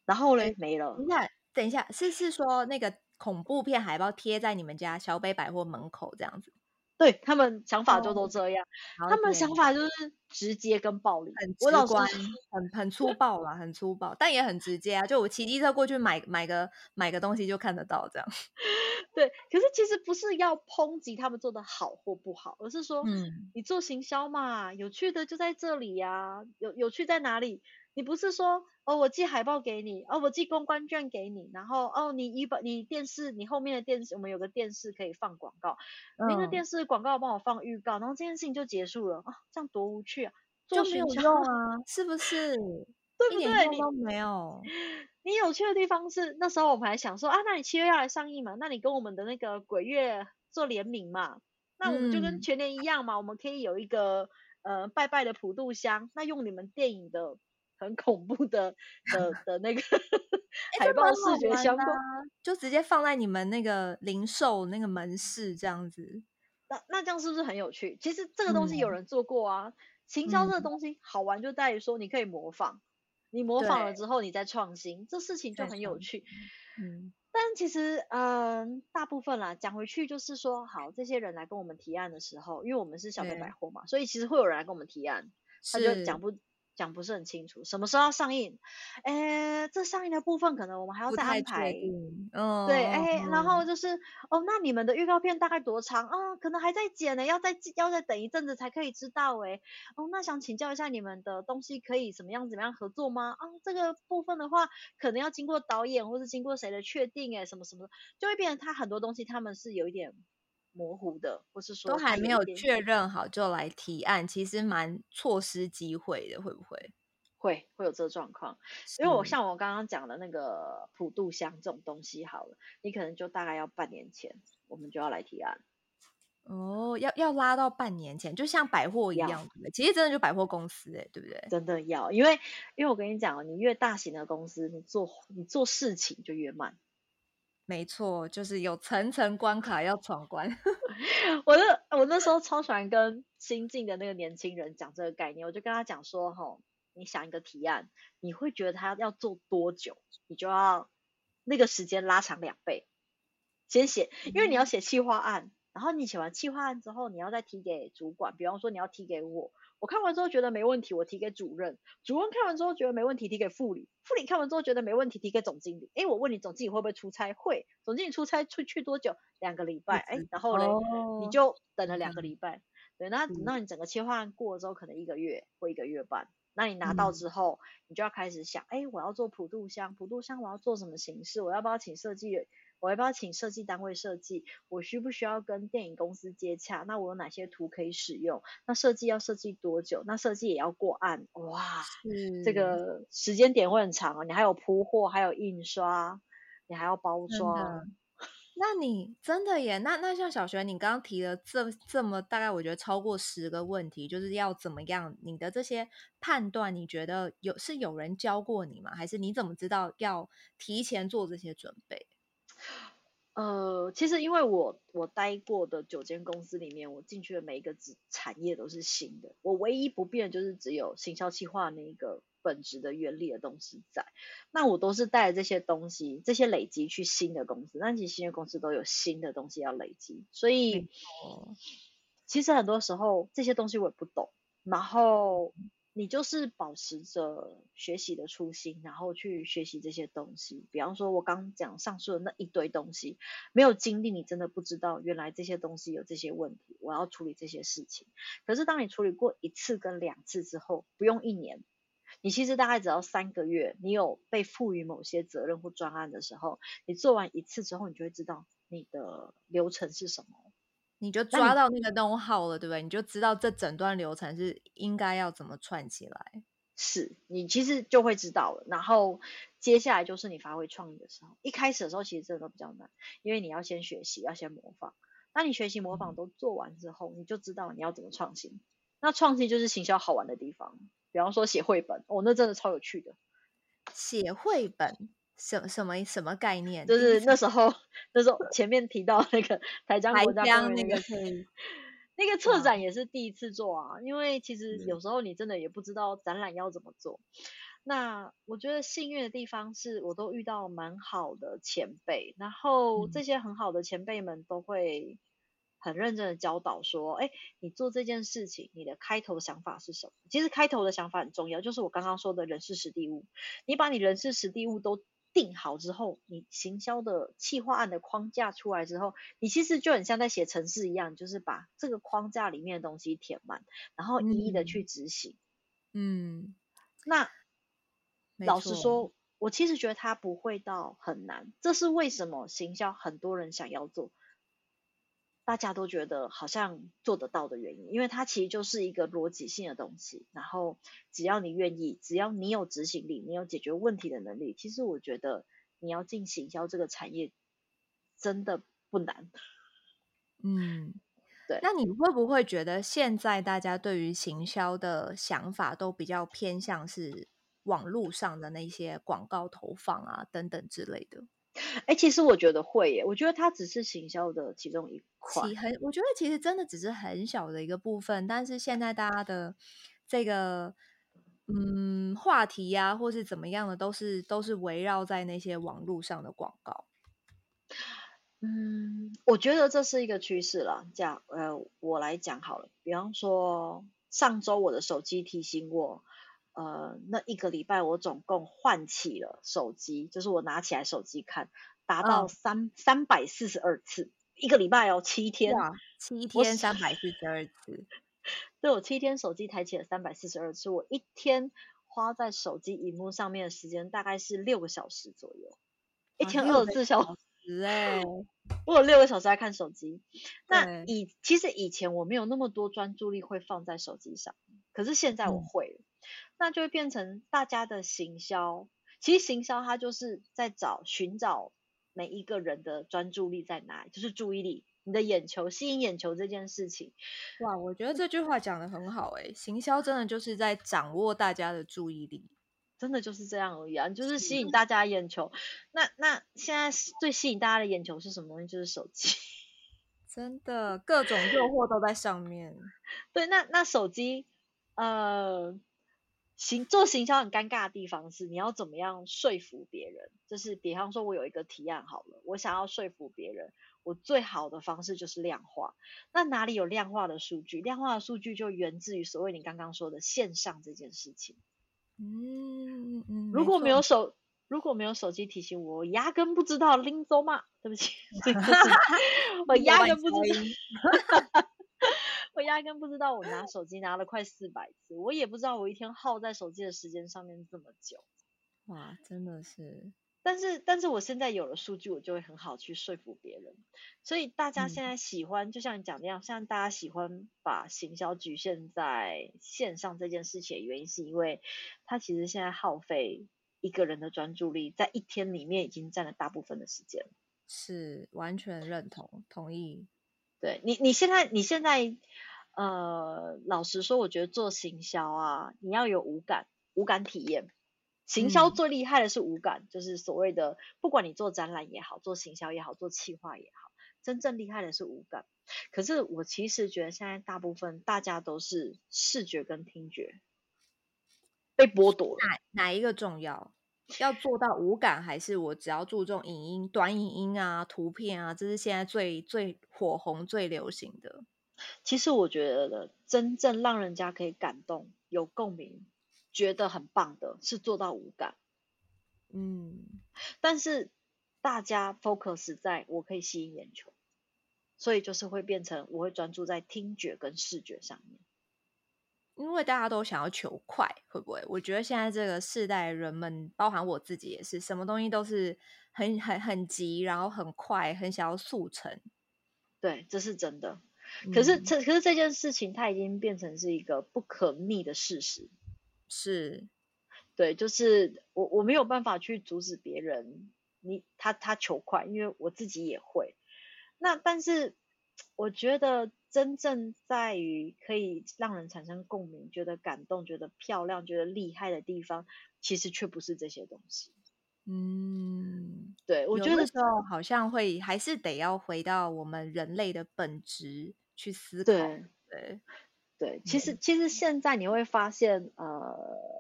然後嘞沒了。你看，等一下，是是說那個恐怖片海報貼在你們家小北百貨門口這樣子。對他們想法就都這樣，oh, okay. 他們想法就是直接跟暴力，很直觀，很很粗暴啦， 很粗暴，但也很直接啊。就我騎機車過去買買個買個東西就看得到這樣。對，可是其實不是要抨擊他們做的好或不好，而是說，嗯，你做行銷嘛，有趣的就在這裡呀、啊，有有趣在哪裡？你不是說？哦，我寄海報給你，哦，我寄公關券給你，然後哦，你一本你電視你後面的電視，我們有個電視可以放廣告，那、嗯、個電視廣告幫我放預告，然後這件事情就結束了啊、哦，這樣多無趣啊，就沒有就用啊，是不是？對不對？你沒有你，你有趣的地方是那時候我們還想說啊，那你七月要來上映嘛，那你跟我們的那個鬼月做聯名嘛，那我們就跟全年一樣嘛，嗯、我們可以有一個呃拜拜的普渡香，那用你們電影的。很恐怖的的的那個、 欸、海報視覺相關，啊、就直接放在你們那個零售那個門市這樣子。那那這樣是不是很有趣？其實這個東西有人做過啊，嗯、行銷這個東西好玩就在於說你可以模仿，嗯、你模仿了之後你再創新，對這事情就很有趣。嗯對，但其實嗯、呃，大部分啦，講回去就是說，好，這些人來跟我們提案的時候，因為我們是小北百貨嘛，對所以其實會有人來跟我們提案，他就講不。講不是很清楚，什麼時候要上映？哎、欸，這上映的部分可能我們還要再安排。對嗯，對，哎，然後就是、嗯、哦，那你們的預告片大概多長啊？可能還在剪呢、欸，要再要再等一陣子才可以知道、欸。哎，哦，那想請教一下你們的東西可以怎麼樣怎麼樣合作嗎？啊，這個部分的話，可能要經過導演或者經過誰的確定、欸。哎，什麼什麼就會變成他很多東西他們是有一點。模糊的，或是說都還沒有確認好就來提案，其實蠻錯失機會的，會不會？會會有這個狀況，因為我像我剛剛講的那個普渡像這種東西，好了，是你可能就大概要半年前，我們就要來提案。哦，要要拉到半年前，就像百貨一樣要對對，其實真的就百貨公司哎、欸，對不對？真的要，因為因為我跟你講、哦、你越大型的公司，你做你做事情就越慢。沒錯，就是有層層關卡要闖關。 我那我那時候超喜歡跟新進的那個年輕人講這個概念，我就跟他講說，吼，你想一個提案，你會覺得他要做多久，你就要那個時間拉長兩倍，先寫，因為你要寫企劃案，然後你寫完企劃案之後，你要再提給主管，比方說你要提給我。我看完之後覺得沒問題，我提給主任，主任看完之後覺得沒問題，提給副理，副理看完之後覺得沒問題，提給總經理。哎、欸，我問你總經理會不會出差？會，總經理出差出去，去多久？兩個禮拜。哎、欸，然後呢，哦、你就等了兩個禮拜。嗯、對，那那你整個切換過了之後，可能一個月或一個月半。那你拿到之後，你就要開始想，哎、嗯欸，我要做普渡箱，普渡箱我要做什麼形式？我要不要請設計？我要不要請設計單位設計，我需不需要跟電影公司接洽？那我有哪些圖可以使用？那設計要設計多久？那設計也要過案？哇，是這個時間點會很長啊、哦！你還有鋪貨，還有印刷，你還要包裝、嗯嗯。那你真的耶？那那像小琁，你剛剛提了這這麼大概，我覺得超過十個問題，就是要怎麼樣？你的這些判斷，你覺得有是有人教過你嗎？還是你怎麼知道要提前做這些準備？呃，其實因為我我待過的九間公司裡面，我進去的每一個子產業都是新的，我唯一不變就是只有行銷企劃那個本質的原理的東西在。那我都是帶這些東西，這些累積去新的公司，那其實新的公司都有新的東西要累積，所以、嗯、其實很多時候這些東西我也不懂，然後。你就是保持着學習的初心，然後去學習這些東西。比方說，我剛講上述的那一堆東西，沒有經歷，你真的不知道原來這些東西有這些問題。我要處理這些事情。可是當你處理過一次跟兩次之後，不用一年，你其實大概只要三個月，你有被賦予某些責任或專案的時候，你做完一次之後，你就會知道你的流程是什麼。你就抓到那個東西好了，你對不對？你就知道這整段流程是應該要怎麼串起來。是，你其實就會知道了，然後接下來就是你發揮創意的時候。一開始的時候其實這個比較難，因為你要先學習，要先模仿。當你學習模仿都做完之後，你就知道你要怎麼創新。那創新就是行銷好玩的地方，比方說寫繪本，我、哦、那真的超有趣的。寫繪本。什什麼什麼概念？就是那時候， 那時候前面提到那個台江國家、那個，台江那個那個策展也是第一次做啊。哇因為其實有時候你真的也不知道展覽要怎麼做。嗯、那我覺得幸運的地方是我都遇到蠻好的前輩，嗯、然後這些很好的前輩們都會很認真的教導說：“哎、嗯，你做這件事情，你的開頭想法是什麼？其實開頭的想法很重要，就是我剛剛說的人事實地物，你把你人事實地物都。”定好之後，你行銷的企劃案的框架出來之後，你其實就很像在寫程式一樣，就是把這個框架裡面的東西填滿，然後一一的去執行嗯。嗯，那沒錯。老實說，我其實覺得它不會到很難，這是為什麼行銷很多人想要做。大家都覺得好像做得到的原因，因為它其實就是一個邏輯性的東西。然後只要你願意，只要你有執行力，你有解決問題的能力，其實我覺得你要進行銷這個產業真的不難。嗯，對。那你會不會覺得現在大家對於行銷的想法都比較偏向是網路上的那些廣告投放啊等等之類的？哎、欸，其實我覺得會耶，我覺得它只是行銷的其中一塊，其，很，我覺得其實真的只是很小的一個部分。但是現在大家的這個嗯話題呀、啊，或是怎麼樣的，都是都是圍繞在那些網絡上的廣告。嗯，我覺得這是一個趨勢了。這樣，呃，我來講好了，比方說上周我的手機提醒我。呃，那一個禮拜我總共換起了手機，就是我拿起來手機看，達到三、哦、三百四十二次，一個禮拜哦，七天，啊、七天我三百四十二次。對，我七天手機抬起了三百四十二次，我一天花在手機熒幕上面的時間大概是六個小時左右，啊、一天二十四小時哎，有時欸、 我有六個小時在看手機。對那以其實以前我沒有那麼多專注力會放在手機上，可是現在我會。嗯那就會變成大家的行銷，其實行銷它就是在找，尋找每一個人的專注力在哪裡，就是注意力，你的眼球吸引眼球這件事情。哇，我覺得這句話講得很好哎、欸， 行銷真的就是在掌握大家的注意力，真的就是這樣而已啊，就是吸引大家的眼球。 那那現在最吸引大家的眼球是什麼東西？就是手機， 真的各種誘惑都在上面。 對，那那手機，呃。行做行銷很尷尬的地方是，你要怎麼樣說服別人？就是比方說，我有一個提案好了，我想要說服別人，我最好的方式就是量化。那哪裡有量化的數據？量化的數據就源自於所謂你剛剛說的線上這件事情。嗯嗯嗯。嗯如果沒有手，沒錯。如果沒有手機提醒我，我壓根不知道。拎走嘛，對不起， 我壓根不知道。 我壓根不知道，我拿手機拿了快四百次，哦、我也不知道我一天耗在手機的時間上面這麼久。哇，真的是！但是但是我現在有了數據，我就會很好去說服別人。所以大家現在喜歡，嗯、就像你講的一樣，像大家喜歡把行銷局限在線上這件事情的原因，是因為它其實現在耗費一個人的專注力，在一天裡面已經佔了大部分的時間了。是，完全認同，同意。對你，你現在，你現在，呃，老實說，我覺得做行銷啊，你要有五感，五感體驗。行銷最厲害的是五感，嗯、就是所謂的，不管你做展覽也好，做行銷也好，做企劃也好，真正厲害的是五感。可是我其實覺得現在大部分大家都是視覺跟聽覺被剝奪了。哪哪一個重要？要做到五感，還是我只要注重影音、短影音啊、圖片啊，這是現在最最火紅、最流行的。其實我覺得，真正讓人家可以感動、有共鳴、覺得很棒的，是做到五感。嗯，但是大家 focus 在我可以吸引眼球，所以就是會變成我會專注在聽覺跟視覺上面。因為大家都想要求快，會不會？我覺得現在這個世代人們，包含我自己也是，什麼東西都是很很很急，然後很快，很想要速成，對，這是真的。可是這、嗯、可是這件事情，它已經變成是一個不可逆的事實。是，對，就是我我沒有辦法去阻止別人，你他他求快，因為我自己也會。那但是我覺得。真正在於可以讓人產生共鳴、覺得感動、覺得漂亮、覺得厲害的地方，其實卻不是這些東西。嗯，對，我覺得時候好像會還是得要回到我們人類的本質去思考。對對、嗯、對，其實其實現在你會發現，呃。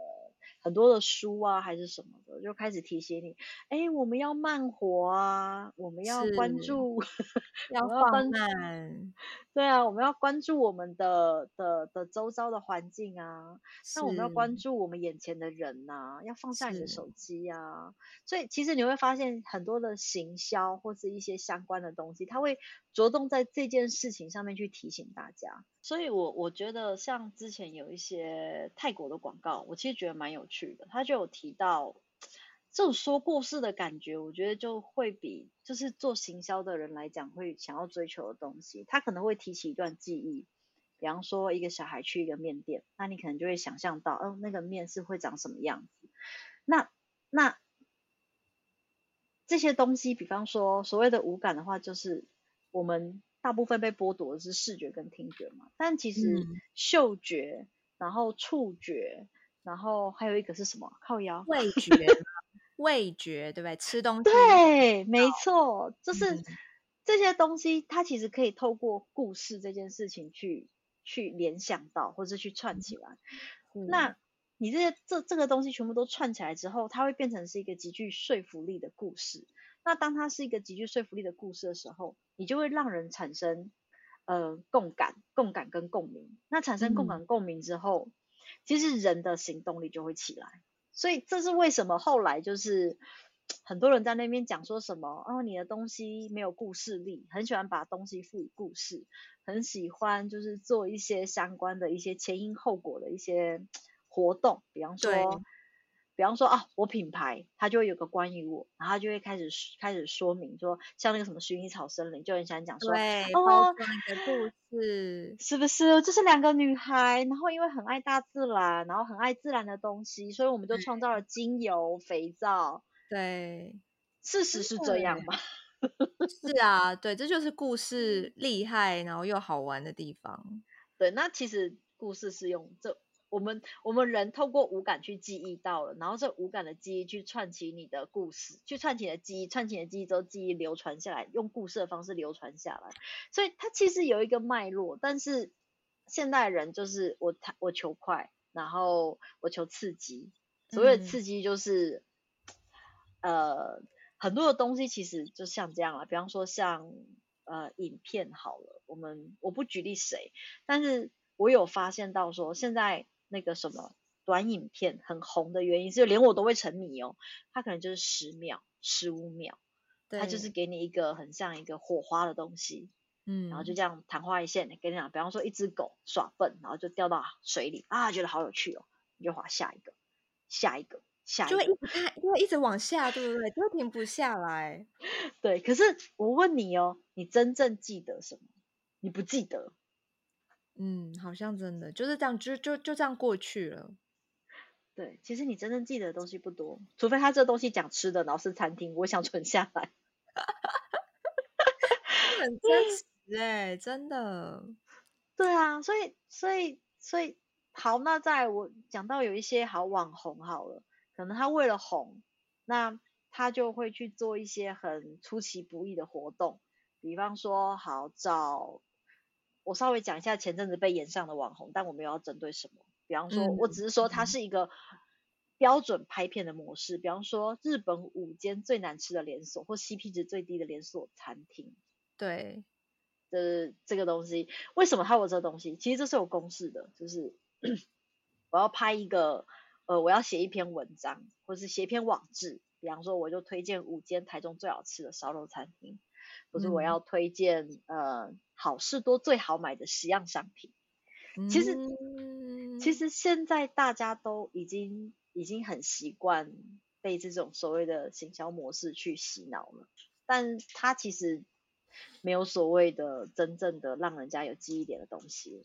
很多的書啊，還是什麼的，就開始提醒你，哎、欸，我們要慢活啊，我們要關注，是 要放要慢。對啊，我們要關注我們的的的周遭的環境啊，那是我們要關注我們眼前的人吶、啊，要放下你的手機啊。是所以，其實你會發現，很多的行銷或是一些相關的東西，它會着重在這件事情上面去提醒大家。所以我，我我覺得像之前有一些泰國的廣告，我其實覺得蠻有趣的。他就有提到這種說故事的感覺，我覺得就會比就是做行銷的人來講會想要追求的東西。他可能會提起一段記憶，比方說一個小孩去一個麵店，那你可能就會想象到，哦，那個麵是會長什麼樣子。那那這些東西，比方說所謂的五感的話，就是我們。大部分被剝奪的是視覺跟聽覺嘛，但其實嗅覺，然後觸覺，然後還有一個是什麼？靠腰味覺，味覺對不對？吃東西對，好沒錯，就是、嗯、這些東西，它其實可以透過故事這件事情去去聯想到，或是去串起來。嗯、那你這些這這個東西全部都串起來之後，它會變成是一個極具說服力的故事。那當它是一個極具說服力的故事的時候，你就會讓人產生呃共感、共感跟共鳴。那產生共感、共鳴之後，其實人的行動力就會起來。所以這是為什麼後來就是很多人在那邊講說什麼哦，你的東西沒有故事力，很喜歡把東西賦予故事，很喜歡就是做一些相關的一些前因後果的一些活動，比方說。比方說啊，我品牌，它就會有個關於我，然後它就會開始開始說明說，像那個什麼薰衣草森林，就很想講說，對哦，你的故事是不是？就是兩個女孩，然後因為很愛大自然，然後很愛自然的東西，所以我們就創造了精油、對肥皂。對，事實是這樣嗎？嗯、 是啊，對，這就是故事厲害，然後又好玩的地方。對，那其實故事是用這。我們我們人透過五感去記憶到了，然後這五感的記憶去串起你的故事，去串起你的記憶，串起你的記憶之後記憶流傳下來，用故事的方式流傳下來，所以它其實有一個脈絡。但是現代人就是我，我求快，然後我求刺激。所謂的刺激就是，嗯、呃，很多的東西其實就像這樣了，比方說像呃影片好了，我們我不舉例誰，但是我有發現到說現在。那個什麼短影片很紅的原因，是連我都會沉迷哦。它可能就是十秒、十五秒，對它就是給你一個很像一個火花的東西，嗯，然後就這樣曇花一現。給你講，比方說一隻狗耍笨，然後就掉到水裡啊，覺得好有趣哦，你就滑下一個、下一個、下一個，就會一直看，就會一直往下，對不對？就會停不下來。 對，可是我問你哦，你真正記得什麼？你不記得。嗯，好像真的就是這樣，就就就這樣過去了。對，其實你真正記得的東西不多，除非他這東西講吃的，然後是餐廳，我想存下來。很真實哎、欸， 真的。對啊，所以所以所以好，那在我講到有一些好網紅，好了，可能他為了紅，那他就會去做一些很出其不意的活動，比方說，好找。我稍微講一下前陣子被炎上的網紅，但我沒有要針對什麼。比方說，我只是說它是一個標準拍片的模式。嗯、比方說，日本五間最難吃的連鎖，或 CP 值最低的連鎖餐廳。對。的這個東西，為什麼它有這個東西？其實這是有公式的，就是 我要拍一個，呃，我要寫一篇文章，或是寫一篇網誌。比方說，我就推薦五間台中最好吃的燒肉餐廳。不是我要推薦，嗯、呃，好事多最好買的十樣商品。其實，嗯、其實現在大家都已經已經很習慣被這種所謂的行銷模式去洗腦了，但它其實沒有所謂的真正的讓人家有記憶點的東西。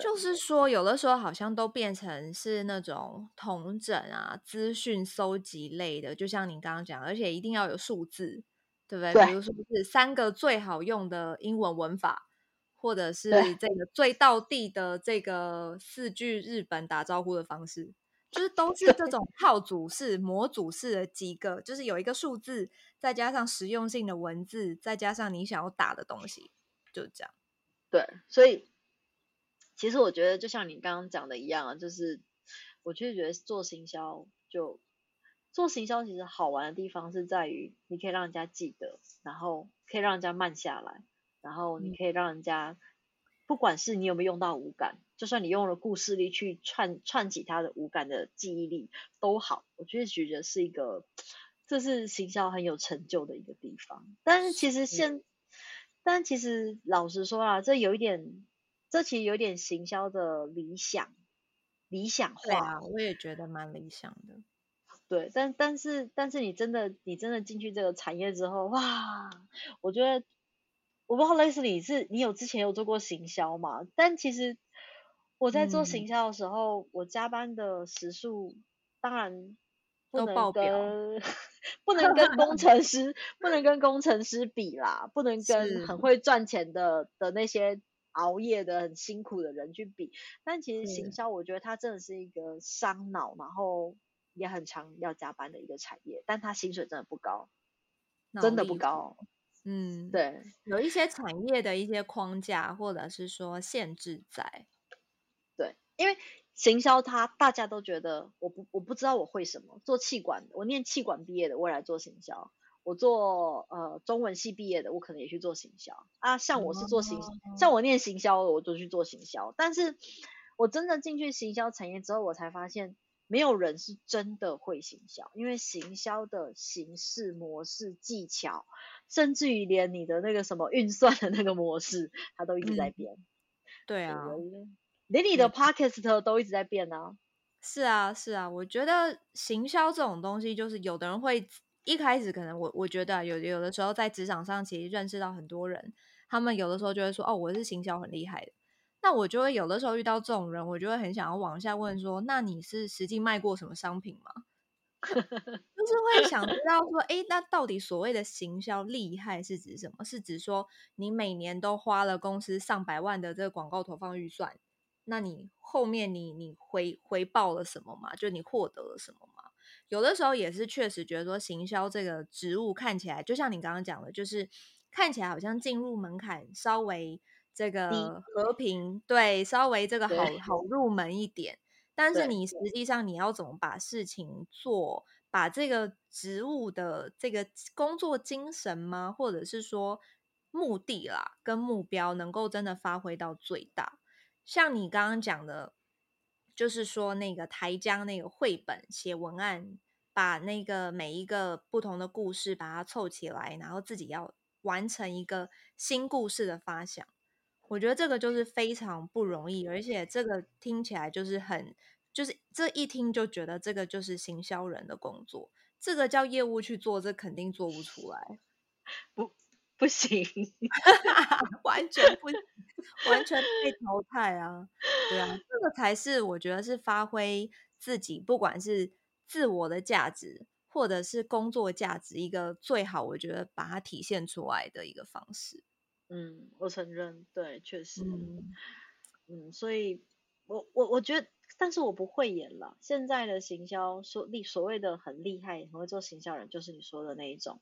就是說，有的時候好像都變成是那種統整啊、資訊蒐集類的，就像您剛剛講，而且一定要有數字。對不對？對比如說是三個最好用的英文文法，或者是這個最道地的這個四句日本打招呼的方式，就是都是這種套組式、對模組式的幾個，就是有一個數字，再加上實用性的文字，再加上你想要打的東西，就這樣。對，所以其實我覺得，就像你剛剛講的一樣啊，就是我確實覺得做行銷就。做行銷其實好玩的地方是在於，你可以讓人家記得，然後可以讓人家慢下來，然後你可以讓人家，嗯、不管是你有沒有用到五感，就算你用了故事力去串串起他的五感的記憶力都好。我覺得覺得是一個，這是行銷很有成就的一個地方。但是其實現，是的，但其實老實說啊，這有一點，這其實有一點行銷的理想理想化。對啊，我也覺得蠻理想的。對，但但是但是你真的你真的進去這個產業之後，哇！我覺得我不知道類似你是你有之前有做過行銷嘛？但其實我在做行銷的時候，嗯、我加班的時數當然不能都爆表跟，不能跟工程師 不能跟工程師比啦，不能跟很會賺錢的的那些熬夜的很辛苦的人去比。但其實行銷，我覺得它真的是一個傷腦，嗯、然後。也很常要加班的一個產業，但他薪水真的不高，真的不高。嗯，對，有一些產業的一些框架或者是說限制在，對，因為行銷它大家都覺得我不我不知道我會什麼，做企管我念企管畢業的，我來做行銷；我做呃中文系畢業的，我可能也去做行銷啊。像我是做行銷，像我念行銷的，我就去做行銷。但是我真的進去行銷產業之後，我才發現。沒有人是真的會行銷，因為行銷的形式、模式、技巧，甚至於連你的那個什麼運算的那個模式，它都一直在變。嗯、對啊、嗯，連你的 podcast 都一直在變啊。是啊，是啊，我覺得行銷這種東西，就是有的人會一開始可能我我覺得、啊、有有的時候在職場上其實認識到很多人，他們有的時候就會說：“哦，我是行銷很厲害的。”那我就會有的時候遇到這種人，我就會很想要往下問說：那你是實際賣過什麼商品嗎？ 就是會想知道說，誒，那到底所謂的行銷厲害是指什麼？是指說你每年都花了公司上百萬的這個廣告投放預算，那你後面你你回回報了什麼嗎？就你獲得了什麼嗎？有的時候也是確實覺得說行銷這個職務看起來，就像你剛剛講的，就是看起來好像進入門檻稍微。這個和平對，稍微這個好好入門一點，但是你實際上你要怎麼把事情做，把這個職務的這個工作精神嘛，或者是說目的啦跟目標能夠真的發揮到最大？像你剛剛講的，就是說那個台江那個繪本寫文案，把那個每一個不同的故事把它湊起來，然後自己要完成一個新故事的發想。我覺得這個就是非常不容易，而且這個聽起來就是很，就是這一聽就覺得這個就是行銷人的工作，這個叫業務去做，這肯定做不出來，不不行， 完全不，完全被淘汰啊！對啊，這個才是我覺得是發揮自己不管是自我的價值，或者是工作價值一個最好，我覺得把它體現出來的一個方式。嗯，我承認，對，確實，嗯，嗯，所以，我我我覺得，但是我不會演了。現在的行銷所，所謂的很厲害，很會做行銷人，就是你說的那一種。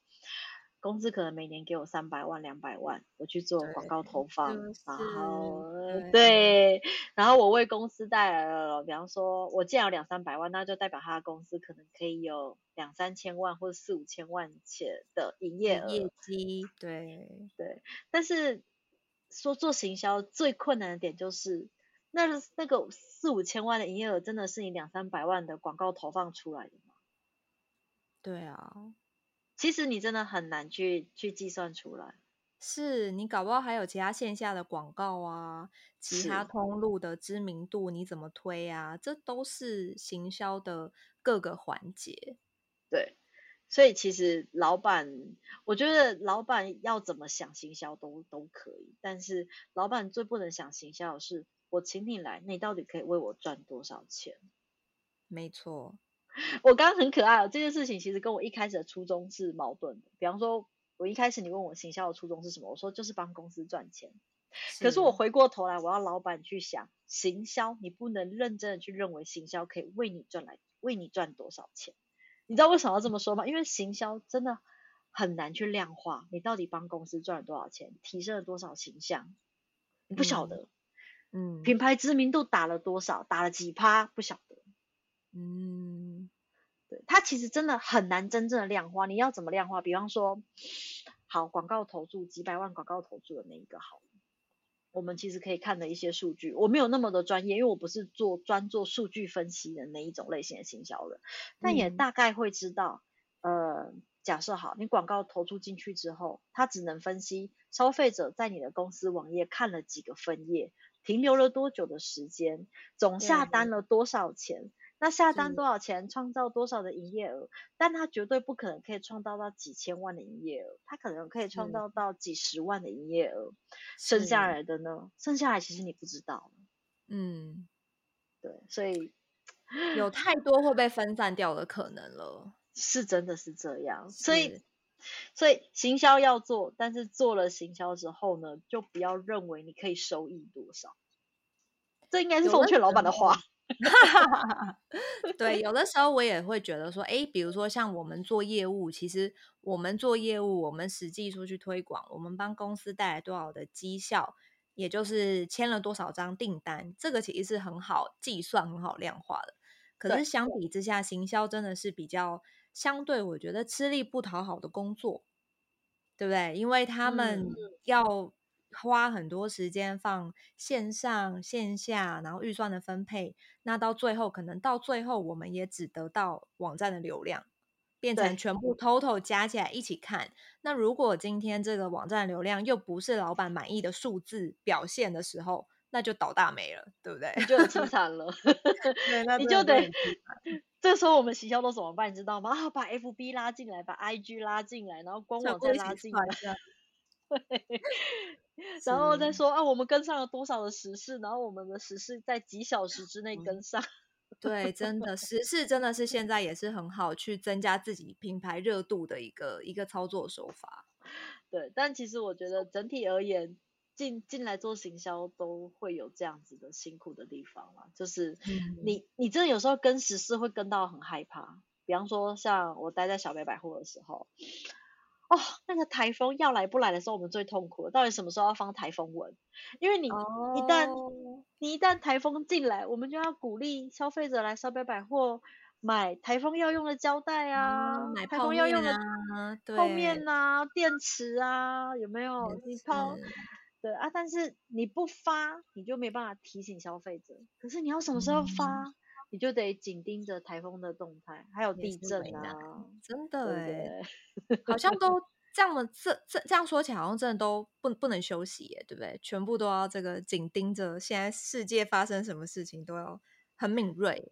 公司可能每年給我三百萬、兩百萬，我去做廣告投放，對然後對，對，然後我為公司帶來了，比方說我進了兩三百萬，那就代表他的公司可能可以有兩三千萬或四五千萬的營業額、業績對。對對，但是說做行銷最困難的點就是，那那個四五千萬的營業額真的是你兩三百萬的廣告投放出來的嗎？對啊。其實你真的很難去去計算出來，是你搞不好還有其他線下的廣告啊，其他通路的知名度你怎麼推啊？是。這都是行銷的各個環節。對，所以其實老板，我覺得老板要怎麼想行銷都都可以，但是老板最不能想行銷的是，我請你來，你到底可以為我賺多少錢？沒錯。我剛剛很可愛哦，這件事情其實跟我一開始的初衷是矛盾的。比方說，我一開始你問我行銷的初衷是什麼，我說就是幫公司賺錢。是。可是我回過頭來，我要老板去想，行銷你不能認真的去認為行銷可以為你賺來，為你賺多少錢？你知道為什麼要這麼說嗎？因為行銷真的很難去量化，你到底幫公司賺了多少錢，提升了多少形象，你不曉得。嗯，品牌知名度打了多少，打了幾趴，不曉得。嗯。它其實真的很難真正的量化，你要怎麼量化？比方說，好，廣告投注幾百萬廣告投注的那一個，好，我們其實可以看的一些數據，我沒有那麼的專業，因為我不是做專做數據分析的那一種類型的行銷人，但也大概會知道，嗯、呃，假設好，你廣告投注進去之後，它只能分析消費者在你的公司網頁看了幾個分頁，停留了多久的時間，總下單了多少錢。嗯那下單多少錢，創造多少的營業額？是但他絕對不可能可以創造到幾千萬的營業額，他可能可以創造到幾十萬的營業額，嗯、剩下來的呢？是剩下來其實你不知道。嗯，對，所以有太多會被分散掉的可能了，是真的是這樣。是所以，所以行銷要做，但是做了行銷之後呢，就不要認為你可以收益多少。這應該是奉勸老板的話。 對，有的時候我也會覺得說，哎，比如說像我們做業務，其實我們做業務，我們實際出去推廣，我們幫公司帶來多少的績效，也就是簽了多少張訂單，這個其實是很好計算、很好量化的。可是相比之下，對行銷真的是比較相對，我覺得吃力不討好的工作，對不對？因為他們要。花很多時間放線上線下，然後預算的分配，那到最後可能到最後我們也只得到網站的流量，變成全部 total 加起來一起看。對那如果今天這個網站流量又不是老板滿意的數字表現的時候，那就倒大霉了，對不對？你就淒慘了， 你就得。這時候我們行銷都怎麼辦？你知道嗎？啊，把 FB 拉進來，把 IG 拉進來，然後官網再拉進來。對，然後再說是啊，我們跟上了多少的時事，然後我們的時事在幾小時之內跟上。嗯、對，真的 時事真的是現在也是很好去增加自己品牌熱度的一個一個操作手法。對，但其實我覺得整體而言，進進來做行銷都會有這樣子的辛苦的地方嘛，就是你 你真的有時候跟時事會跟到很害怕，比方說像我待在小北百貨的時候。哦，那個台風要來不來的時候，我們最痛苦了。到底什麼時候要放台風文？因為你一旦、oh. 你一旦台風進來，我們就要鼓勵消費者來小北百貨買台風要用的膠帶啊，買台、嗯、風要用的泡麵、啊、麵啊，電池啊，有沒有？池你拋對啊，但是你不發，你就沒辦法提醒消費者。可是你要什麼時候發？嗯你就得緊盯着台風的動態，還有地震啊，真的哎、欸，對對好像都這樣的， 這這這樣說起來，好像真的都不不能休息耶，對不對？全部都要這個緊盯着，現在世界發生什麼事情都要很敏銳。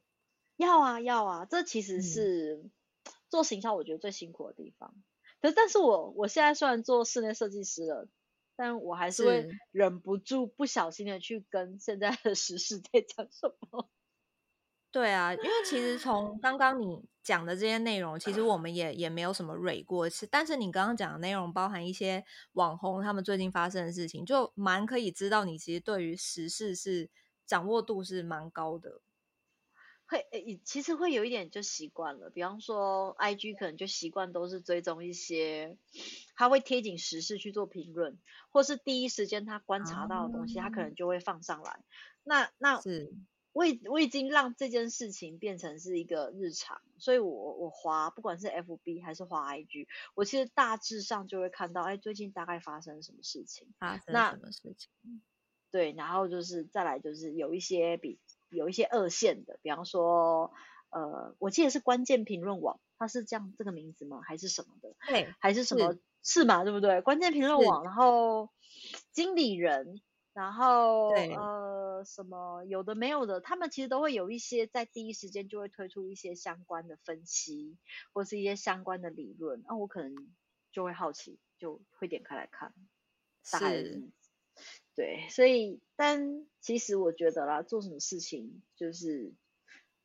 要啊要啊，這其實是做行銷，我覺得最辛苦的地方。可、嗯、但是我我現在雖然做室內設計師了，但我還是會忍不住不小心的去跟現在的時事在講什麼。對啊，因為其實從剛剛你講的這些內容，其實我們也也沒有什麼蕊過，是但是你剛剛講的內容包含一些網紅他們最近發生的事情，就蠻可以知道你其實對於時事是掌握度是蠻高的。會、欸，其實會有一點就習慣了，比方說 IG 可能就習慣都是追蹤一些，他會貼緊時事去做評論，或是第一時間他觀察到的東西，嗯、他可能就會放上來。那那。那是我已我已經讓這件事情變成是一個日常，所以我我滑，不管是 FB 還是滑 IG，我其實大致上就會看到，哎、欸，最近大概發生什麼事情，發、啊、生什麼事情。對，然後就是再來就是有一些比有一些二線的，比方說，呃，我記得是關鍵評論網，它是這樣這個名字嗎？還是什麼的？對，還是什麼？是，是嘛？對不對？關鍵評論網，是然後經理人。然後對呃，什麼有的沒有的，他們其實都會有一些在第一時間就會推出一些相關的分析，或是一些相關的理論。那、啊、我可能就會好奇，就會點開來看。是，對，所以但其實我覺得啦，做什麼事情就是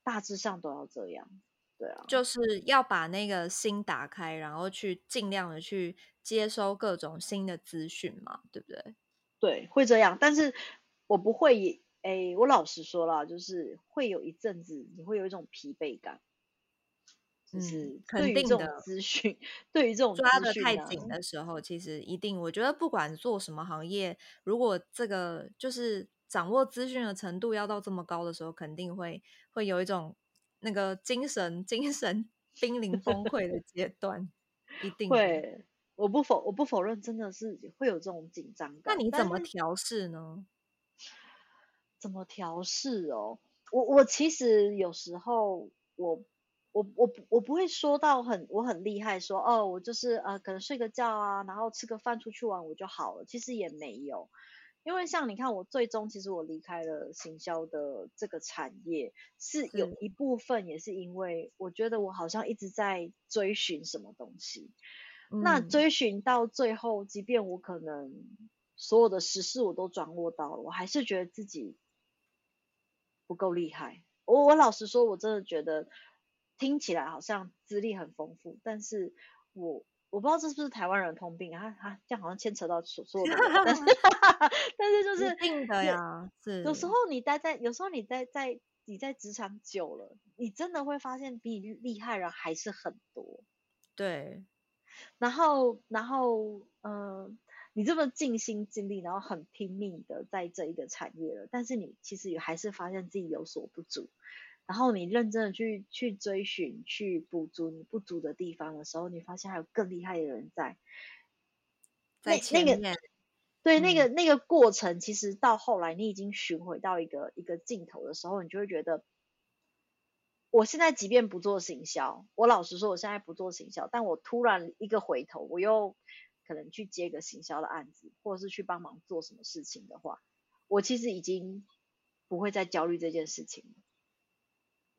大致上都要這樣，對啊，就是要把那個心打開，然後去盡量的去接收各種新的資訊嘛，對不對？對，會這樣，但是我不會。哎，我老實說了，就是會有一陣子，你會有一種疲憊感。就是、嗯，肯定的。資訊對於這種抓得太緊的時候，其實一定，我覺得不管做什麼行業，如果這個就是掌握資訊的程度要到這麼高的時候，肯定會會有一種那個精神精神瀕臨崩潰的階段， 一定的會。我不否我不否認，真的是會有這種緊張感。那你怎麼調適呢？怎麼調適哦？我我其實有時候我我我我不會說到很我很厲害說，說哦，我就是啊、呃，可能睡個覺啊，然後吃個飯出去玩，我就好了。其實也沒有，因為像你看，我最終其實我離開了行銷的這個產業，是有一部分也是因為我覺得我好像一直在追尋什麼東西。那追尋到最後，嗯、即便我可能所有的實事我都掌握到了，我還是覺得自己不夠厲害。我我老實說，我真的覺得聽起來好像資歷很豐富，但是我我不知道這是不是台灣人通病啊啊，啊，這樣好像牽扯到說說，但是 但是就是，一定的呀，有時候你待在，有時候你待在在你在職場久了，你真的會發現比你厲害人還是很多，對。然後，然後，嗯、呃，你這麼盡心盡力，然後很拼命的在這一個產業了，但是你其實也還是發現自己有所不足。然後你認真的去去追尋，去補足你不足的地方的時候，你發現還有更厲害的人在，在前面那，那個，對，嗯、那個那個過程，其實到後來你已經尋回到一個一個盡頭的時候，你就會覺得。我現在即便不做行銷，我老實說，我現在不做行銷，但我突然一個回頭，我又可能去接個行銷的案子，或者是去幫忙做什麼事情的話，我其實已經不會再焦慮這件事情了，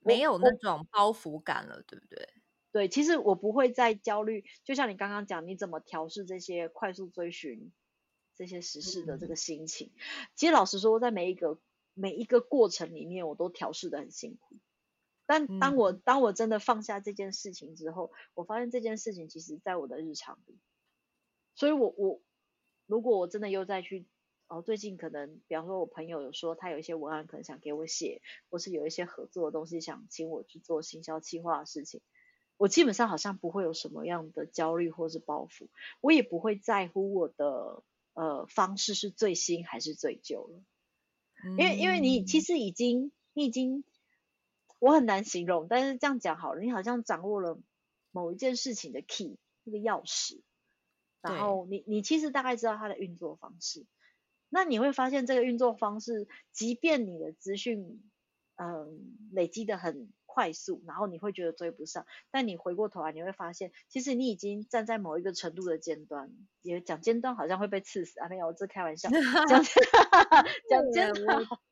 沒有那種包袱感了，對不對？對，其實我不會再焦慮。就像你剛剛講，你怎麼調試這些快速追尋這些時事的這個心情？嗯、其實老實說，我在每一個每一個過程裡面，我都調試得很辛苦。但當我當我真的放下這件事情之後，我發現這件事情其實在我的日常裡，所以我，我我如果我真的又再去哦，最近可能，比方說，我朋友有說他有一些文案可能想給我寫，或是有一些合作的東西想請我去做行銷企劃的事情，我基本上好像不會有什麼樣的焦慮或是包袱，我也不會在乎我的呃方式是最新還是最舊了，因為因為你其實已經你已經。我很難形容，但是這樣講好了，你好像掌握了某一件事情的 key，這個鑰匙。對然後你你其實大概知道它的運作方式。那你會發現這個運作方式，即便你的資訊嗯、呃、累積的很快速，然後你會覺得追不上，但你回過頭來，啊、你會發現，其實你已經站在某一個程度的尖端。也講尖端好像會被刺死啊。沒有，我這開玩笑。 講尖端， 講尖端。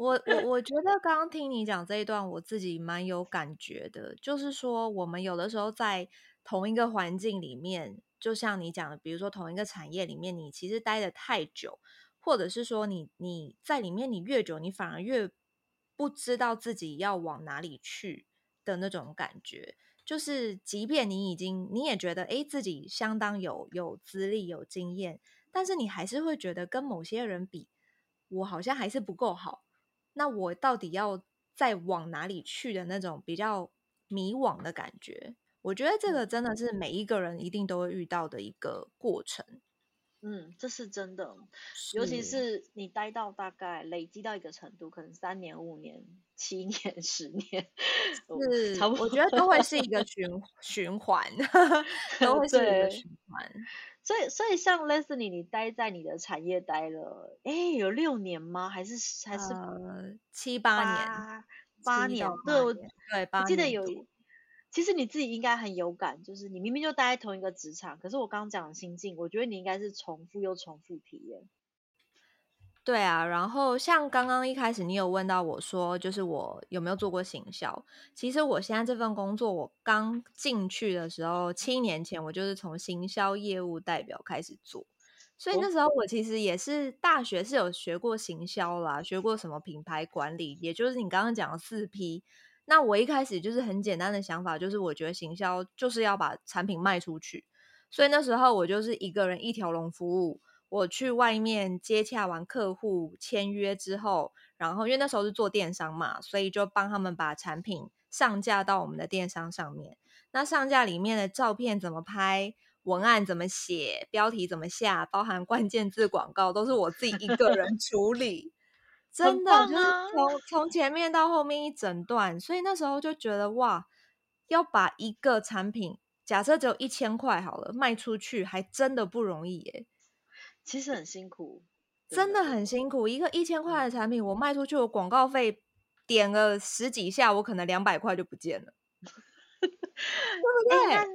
我我我覺得剛剛聽你講這一段，我自己蠻有感覺的。就是說，我們有的時候在同一個環境裡面，就像你講的，比如說同一個產業裡面，你其實待得太久，或者是說你你在裡面你越久，你反而越不知道自己要往哪裡去的那種感覺。就是，即便你已經你也覺得哎、欸、自己相當有有資歷、有經驗，但是你還是會覺得跟某些人比，我好像還是不夠好。那我到底要再往哪裡去的那種比較迷惘的感覺，我覺得這個真的是每一個人一定都會遇到的一個過程。嗯，這是真的，是尤其是你待到大概累積到一個程度，可能三年、五年、七年、十年，是我覺得都會是一個循循環， 都會是一個循環。所以，所以像 Leslie，你待在你的產業待了，哎、欸，有六年嗎？還是還是七八、uh, 年？八年？對，對，我記得有。其實你自己應該很有感，就是你明明就待在同一個職場，可是我剛剛講的心境，我覺得你應該是重複又重複體驗。對啊，然後像剛剛一開始你有問到我說，就是我有沒有做過行銷？其實我現在這份工作，我剛進去的時候，七年前我就是從行銷業務代表開始做，所以那時候我其實也是大學是有學過行銷啦，學過什麼品牌管理，也就是你剛剛講的四 P。那我一開始就是很簡單的想法，就是我覺得行銷就是要把產品賣出去，所以那時候我就是一個人一條龍服務。我去外面接洽完客戶簽約之後，然後因為那時候是做電商嘛，所以就幫他們把產品上架到我們的電商上面。那上架裡面的照片怎麼拍，文案怎麼寫，標題怎麼下，包含關鍵字廣告，都是我自己一個人處理。 真的，啊、就是從從前面到後面一整段，所以那時候就覺得哇，要把一個產品，假設只有一千塊好了，賣出去還真的不容易耶。其實很辛苦，真的，真的很辛苦。對，一個一千塊的產品，我賣出去，我廣告費點個十幾下，我可能兩百塊就不見了。那麼厲害？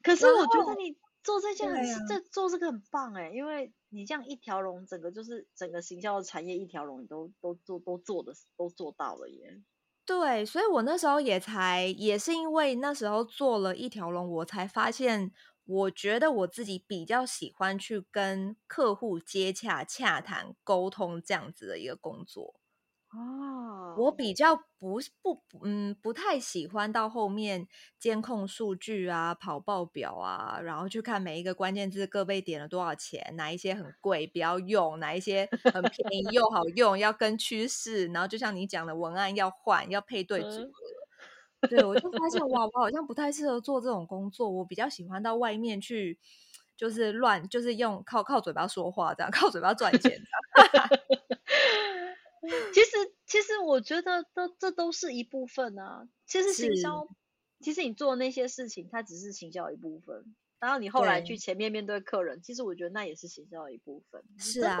可是我覺得你做這件很這、啊、做這個很棒哎、欸，因為你這樣一條龍，整個就是整個行銷產業一條龍，你都都做都，都做的都做到了耶。對，所以我那時候也才也是因為那時候做了一條龍，我才發現。我覺得我自己比較喜歡去跟客戶接洽、洽談、溝通這樣子的一個工作哦。Oh. 我比較不不嗯不太喜歡到後面監控數據啊、跑報表啊，然後去看每一個關鍵字各被點了多少錢，哪一些很貴不要用，哪一些很便宜又好用， 要跟趨勢。然後就像你講的，文案要換，要配對組合。 對，我就發現哇，我好像不太適合做這種工作，我比較喜歡到外面去，就是亂，就是用靠靠嘴巴說話這樣，靠嘴巴賺錢。 其實其實我覺得這這都是一部分啊，其實行銷，是其實你做的那些事情，它只是行銷一部分。然後你後來去前面面對客人，其實我覺得那也是行銷的一部分。是啊，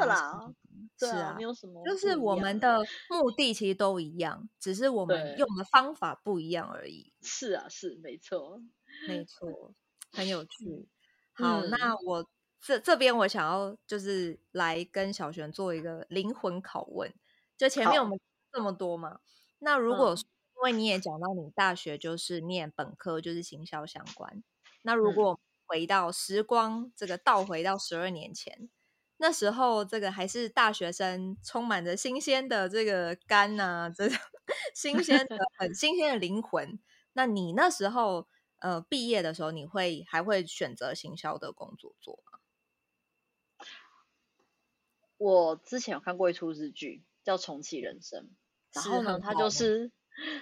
是啊，沒有什麼。就是我們的目的其實都一樣，只是我們用的方法不一樣而已。是啊，是，沒錯，沒錯，很有趣。好，那我這這邊我想要就是來跟小琁做一個靈魂拷問，就前面我們這麼多嘛。那如果因為你也講到你大學就是念本科就是行銷相關，那如果回到時光，這個倒回到十二年前，那時候這個還是大學生，充滿着新鮮的這個肝啊這個、新鮮的很新鮮的靈魂。 那你那時候呃畢業的時候，你會還會選擇行銷的工作做嗎？我之前有看過一出日劇叫《重啟人生》，是然後呢，他好就是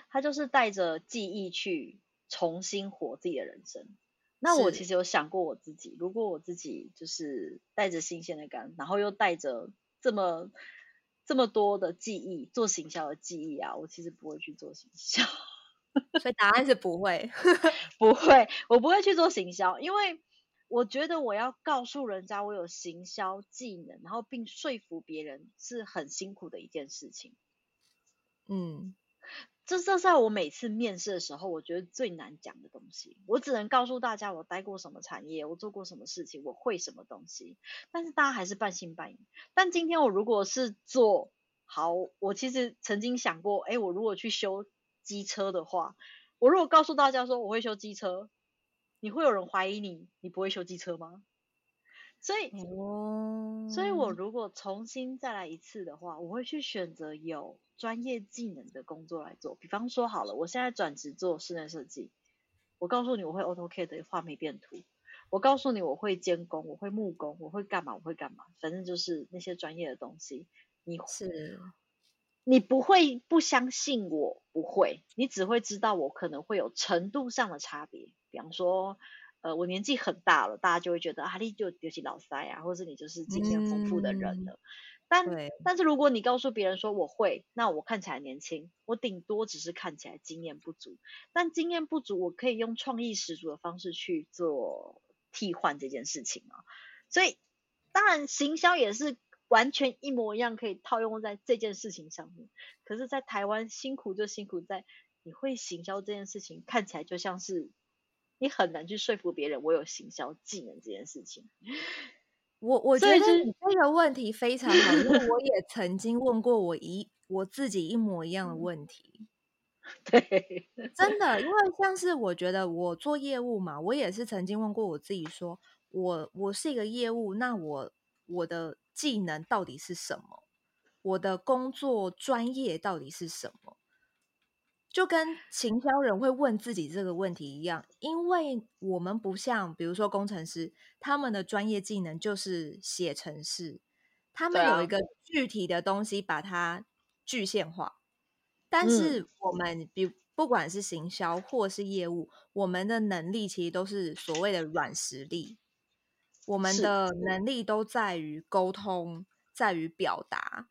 他就是帶着記憶去重新活自己的人生。那我其實有想過我自己，是如果我自己就是帶着新鮮的肝，然後又帶着這麼這麼多的記憶，做行銷的記憶啊，我其實不會去做行銷。所以答案是不會， 不會，我不會去做行銷，因為我覺得我要告訴人家我有行銷技能，然後並說服別人是很辛苦的一件事情。嗯。這正是在我每次面試的時候，我覺得最難講的東西。我只能告訴大家，我待過什麼產業，我做過什麼事情，我會什麼東西。但是大家還是半信半疑。但今天我如果是做好，我其實曾經想過，哎，我如果去修機車的話，我如果告訴大家說我會修機車，你會有人懷疑你，你不會修機車嗎？所以，所以，我如果重新再來一次的話，我會去選擇有專業技能的工作來做，比方說好了，我現在轉職做室內設計，我告訴你我會 AutoCAD 畫平面圖，我告訴你我會監工，我會木工，我會幹嘛？我會幹嘛？反正就是那些專業的東西，你會是你不會不相信我不會，你只會知道我可能會有程度上的差別。比方說，呃，我年紀很大了，大家就會覺得啊，你就尤其、就是、老塞啊，或者你就是經驗豐富的人了。嗯但對但是如果你告訴別人說，我會，那我看起來年輕，我頂多只是看起來經驗不足。但經驗不足，我可以用創意十足的方式去做替換這件事情啊。所以，當然行銷也是完全一模一樣，可以套用在這件事情上面。可是，在台灣辛苦就辛苦在，你會行銷這件事情看起來就像是，你很難去說服別人我有行銷技能這件事情。我我覺得你這個問題非常好，以因為我也曾經問過我一 我自己一模一樣的問題。對，真的，因為像是我覺得我做業務嘛，我也是曾經問過我自己說，說我我是一個業務，那我我的技能到底是什麼？我的工作專業到底是什麼？就跟行銷人會問自己這個問題一樣，因為我們不像比如說工程師，他們的專業技能就是寫程式，他們有一個具體的東西把它具現化。但是我們，比不管是行銷或是業務，我們的能力其實都是所謂的軟實力，我們的能力都在於溝通，在於表達。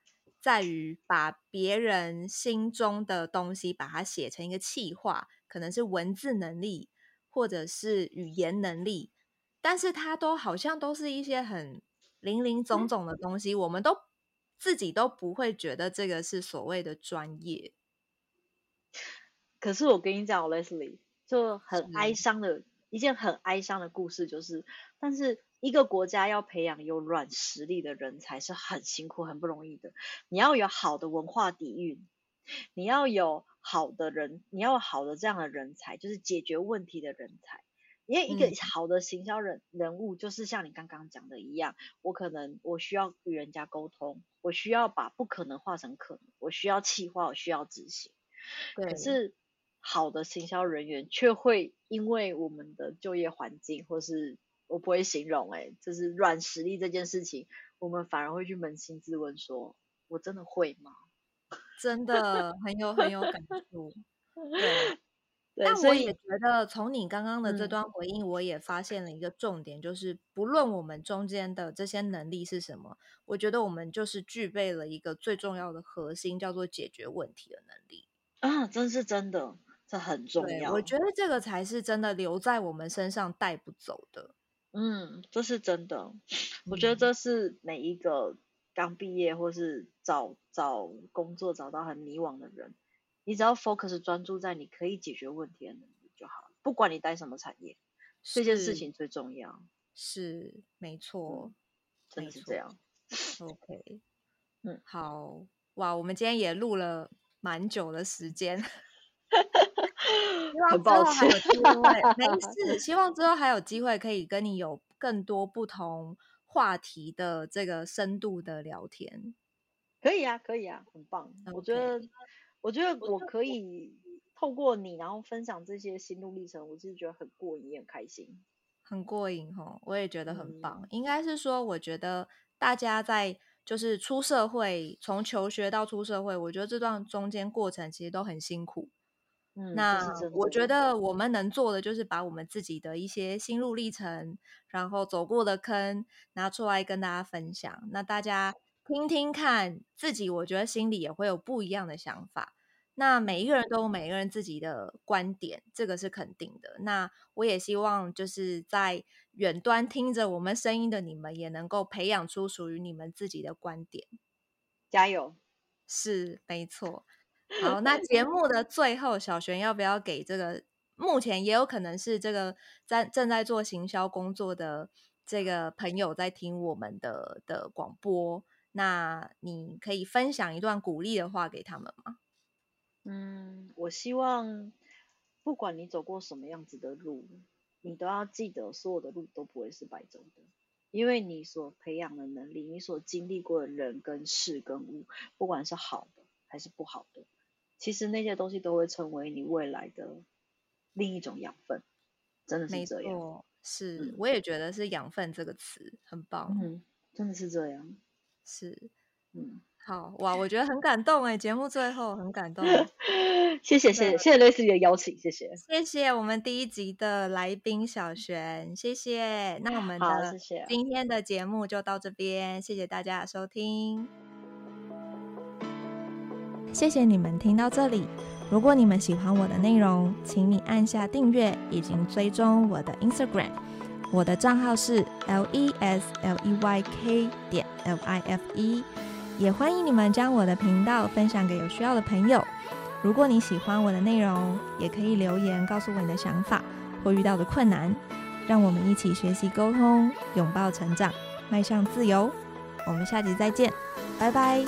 在於把別人心中的東西，把它寫成一個企劃，可能是文字能力，或者是語言能力，但是它都好像都是一些很零零總總的東西，嗯、我們都自己都不會覺得這個是所謂的專業。可是我跟你講，Leslie 就很哀傷的是一件很哀傷的故事，就是，但是。一個國家要培養有軟實力的人才是很辛苦，很不容易的。你要有好的文化底蘊，你要有好的人，你要有好的這樣的人才，就是解決問題的人才。因為一個好的行銷人人物，就是像你剛剛講的一樣，嗯、我可能我需要與人家溝通，我需要把不可能化成可能，我需要企劃，我需要執行。對可是好的行銷人員卻會因為我們的就業環境或是。我不會形容哎、欸，就是軟實力這件事情，我們反而會去捫心自問說：說我真的會嗎？真的很有很有感觸。 對，啊、對，但我也覺得，從你剛剛的這段回應，我也發現了一個重點，嗯、就是不論我們中間的這些能力是什麼，我覺得我們就是具備了一個最重要的核心，叫做解決問題的能力。啊，真是真的，這很重要。我覺得這個才是真的留在我們身上帶不走的。嗯，這是真的。我覺得這是每一個剛畢業或是找找工作找到很迷惘的人，你只要 focus 專注在你可以解決問題的能力就好，不管你待什麼產業，是這件事情最重要。是，是沒錯，嗯，真的是這樣。OK，嗯，好哇，我們今天也錄了蠻久的時間。 很抱歉， 沒事。希望之後還有機會可以跟你有更多不同話題的這個深度的聊天。可以啊，可以啊，很棒。Okay. 我覺得，我覺得我可以透過你，然後分享這些心路歷程。我其實覺得很過癮，也很開心，很過癮哈，我也覺得很棒。嗯，應該是說，我覺得大家在就是出社會，從求學到出社會，我覺得這段中間過程其實都很辛苦。嗯，那是是是我覺得我們能做的就是把我們自己的一些心路歷程，然後走過的坑拿出來跟大家分享。那大家聽聽看，自己我覺得心裡也會有不一樣的想法。那每一個人都有每個人自己的觀點，這個是肯定的。那我也希望就是在遠端聽着我們聲音的你們，也能夠培養出屬於你們自己的觀點。加油，是沒錯。好，那節目的最後，小琁要不要給這個目前也有可能是這個在正在做行銷工作的這個朋友在聽我們的的廣播，那你可以分享一段鼓勵的話給他們嗎？嗯，我希望不管你走過什麼樣子的路，你都要記得所有的路都不會是白走的，因為你所培養的能力，你所經歷過的人跟事跟物，不管是好的還是不好的。其實那些東西都會成為你未來的另一種養分，真的是這樣。是，嗯、我也覺得是“養分”這個詞很棒。嗯，真的是這樣。是，嗯、好哇，我覺得很感動哎， 節目最後很感動。謝謝，謝謝，謝謝雷你的邀請，謝謝，謝謝我們第一集的來賓小琁，謝謝。那我們的謝謝今天的節目就到這邊，謝謝大家的收聽。謝謝你們聽到這裡。如果你們喜歡我的內容，請你按下訂閱以及追蹤我的 Instagram。我的賬號是 L E S L E Y K 點 L I F E。也歡迎你們將我的頻道分享給有需要的朋友。如果你喜歡我的內容，也可以留言告訴我你的想法或遇到的困難。讓我們一起學習溝通，擁抱成長，邁向自由。我們下集再見，拜拜。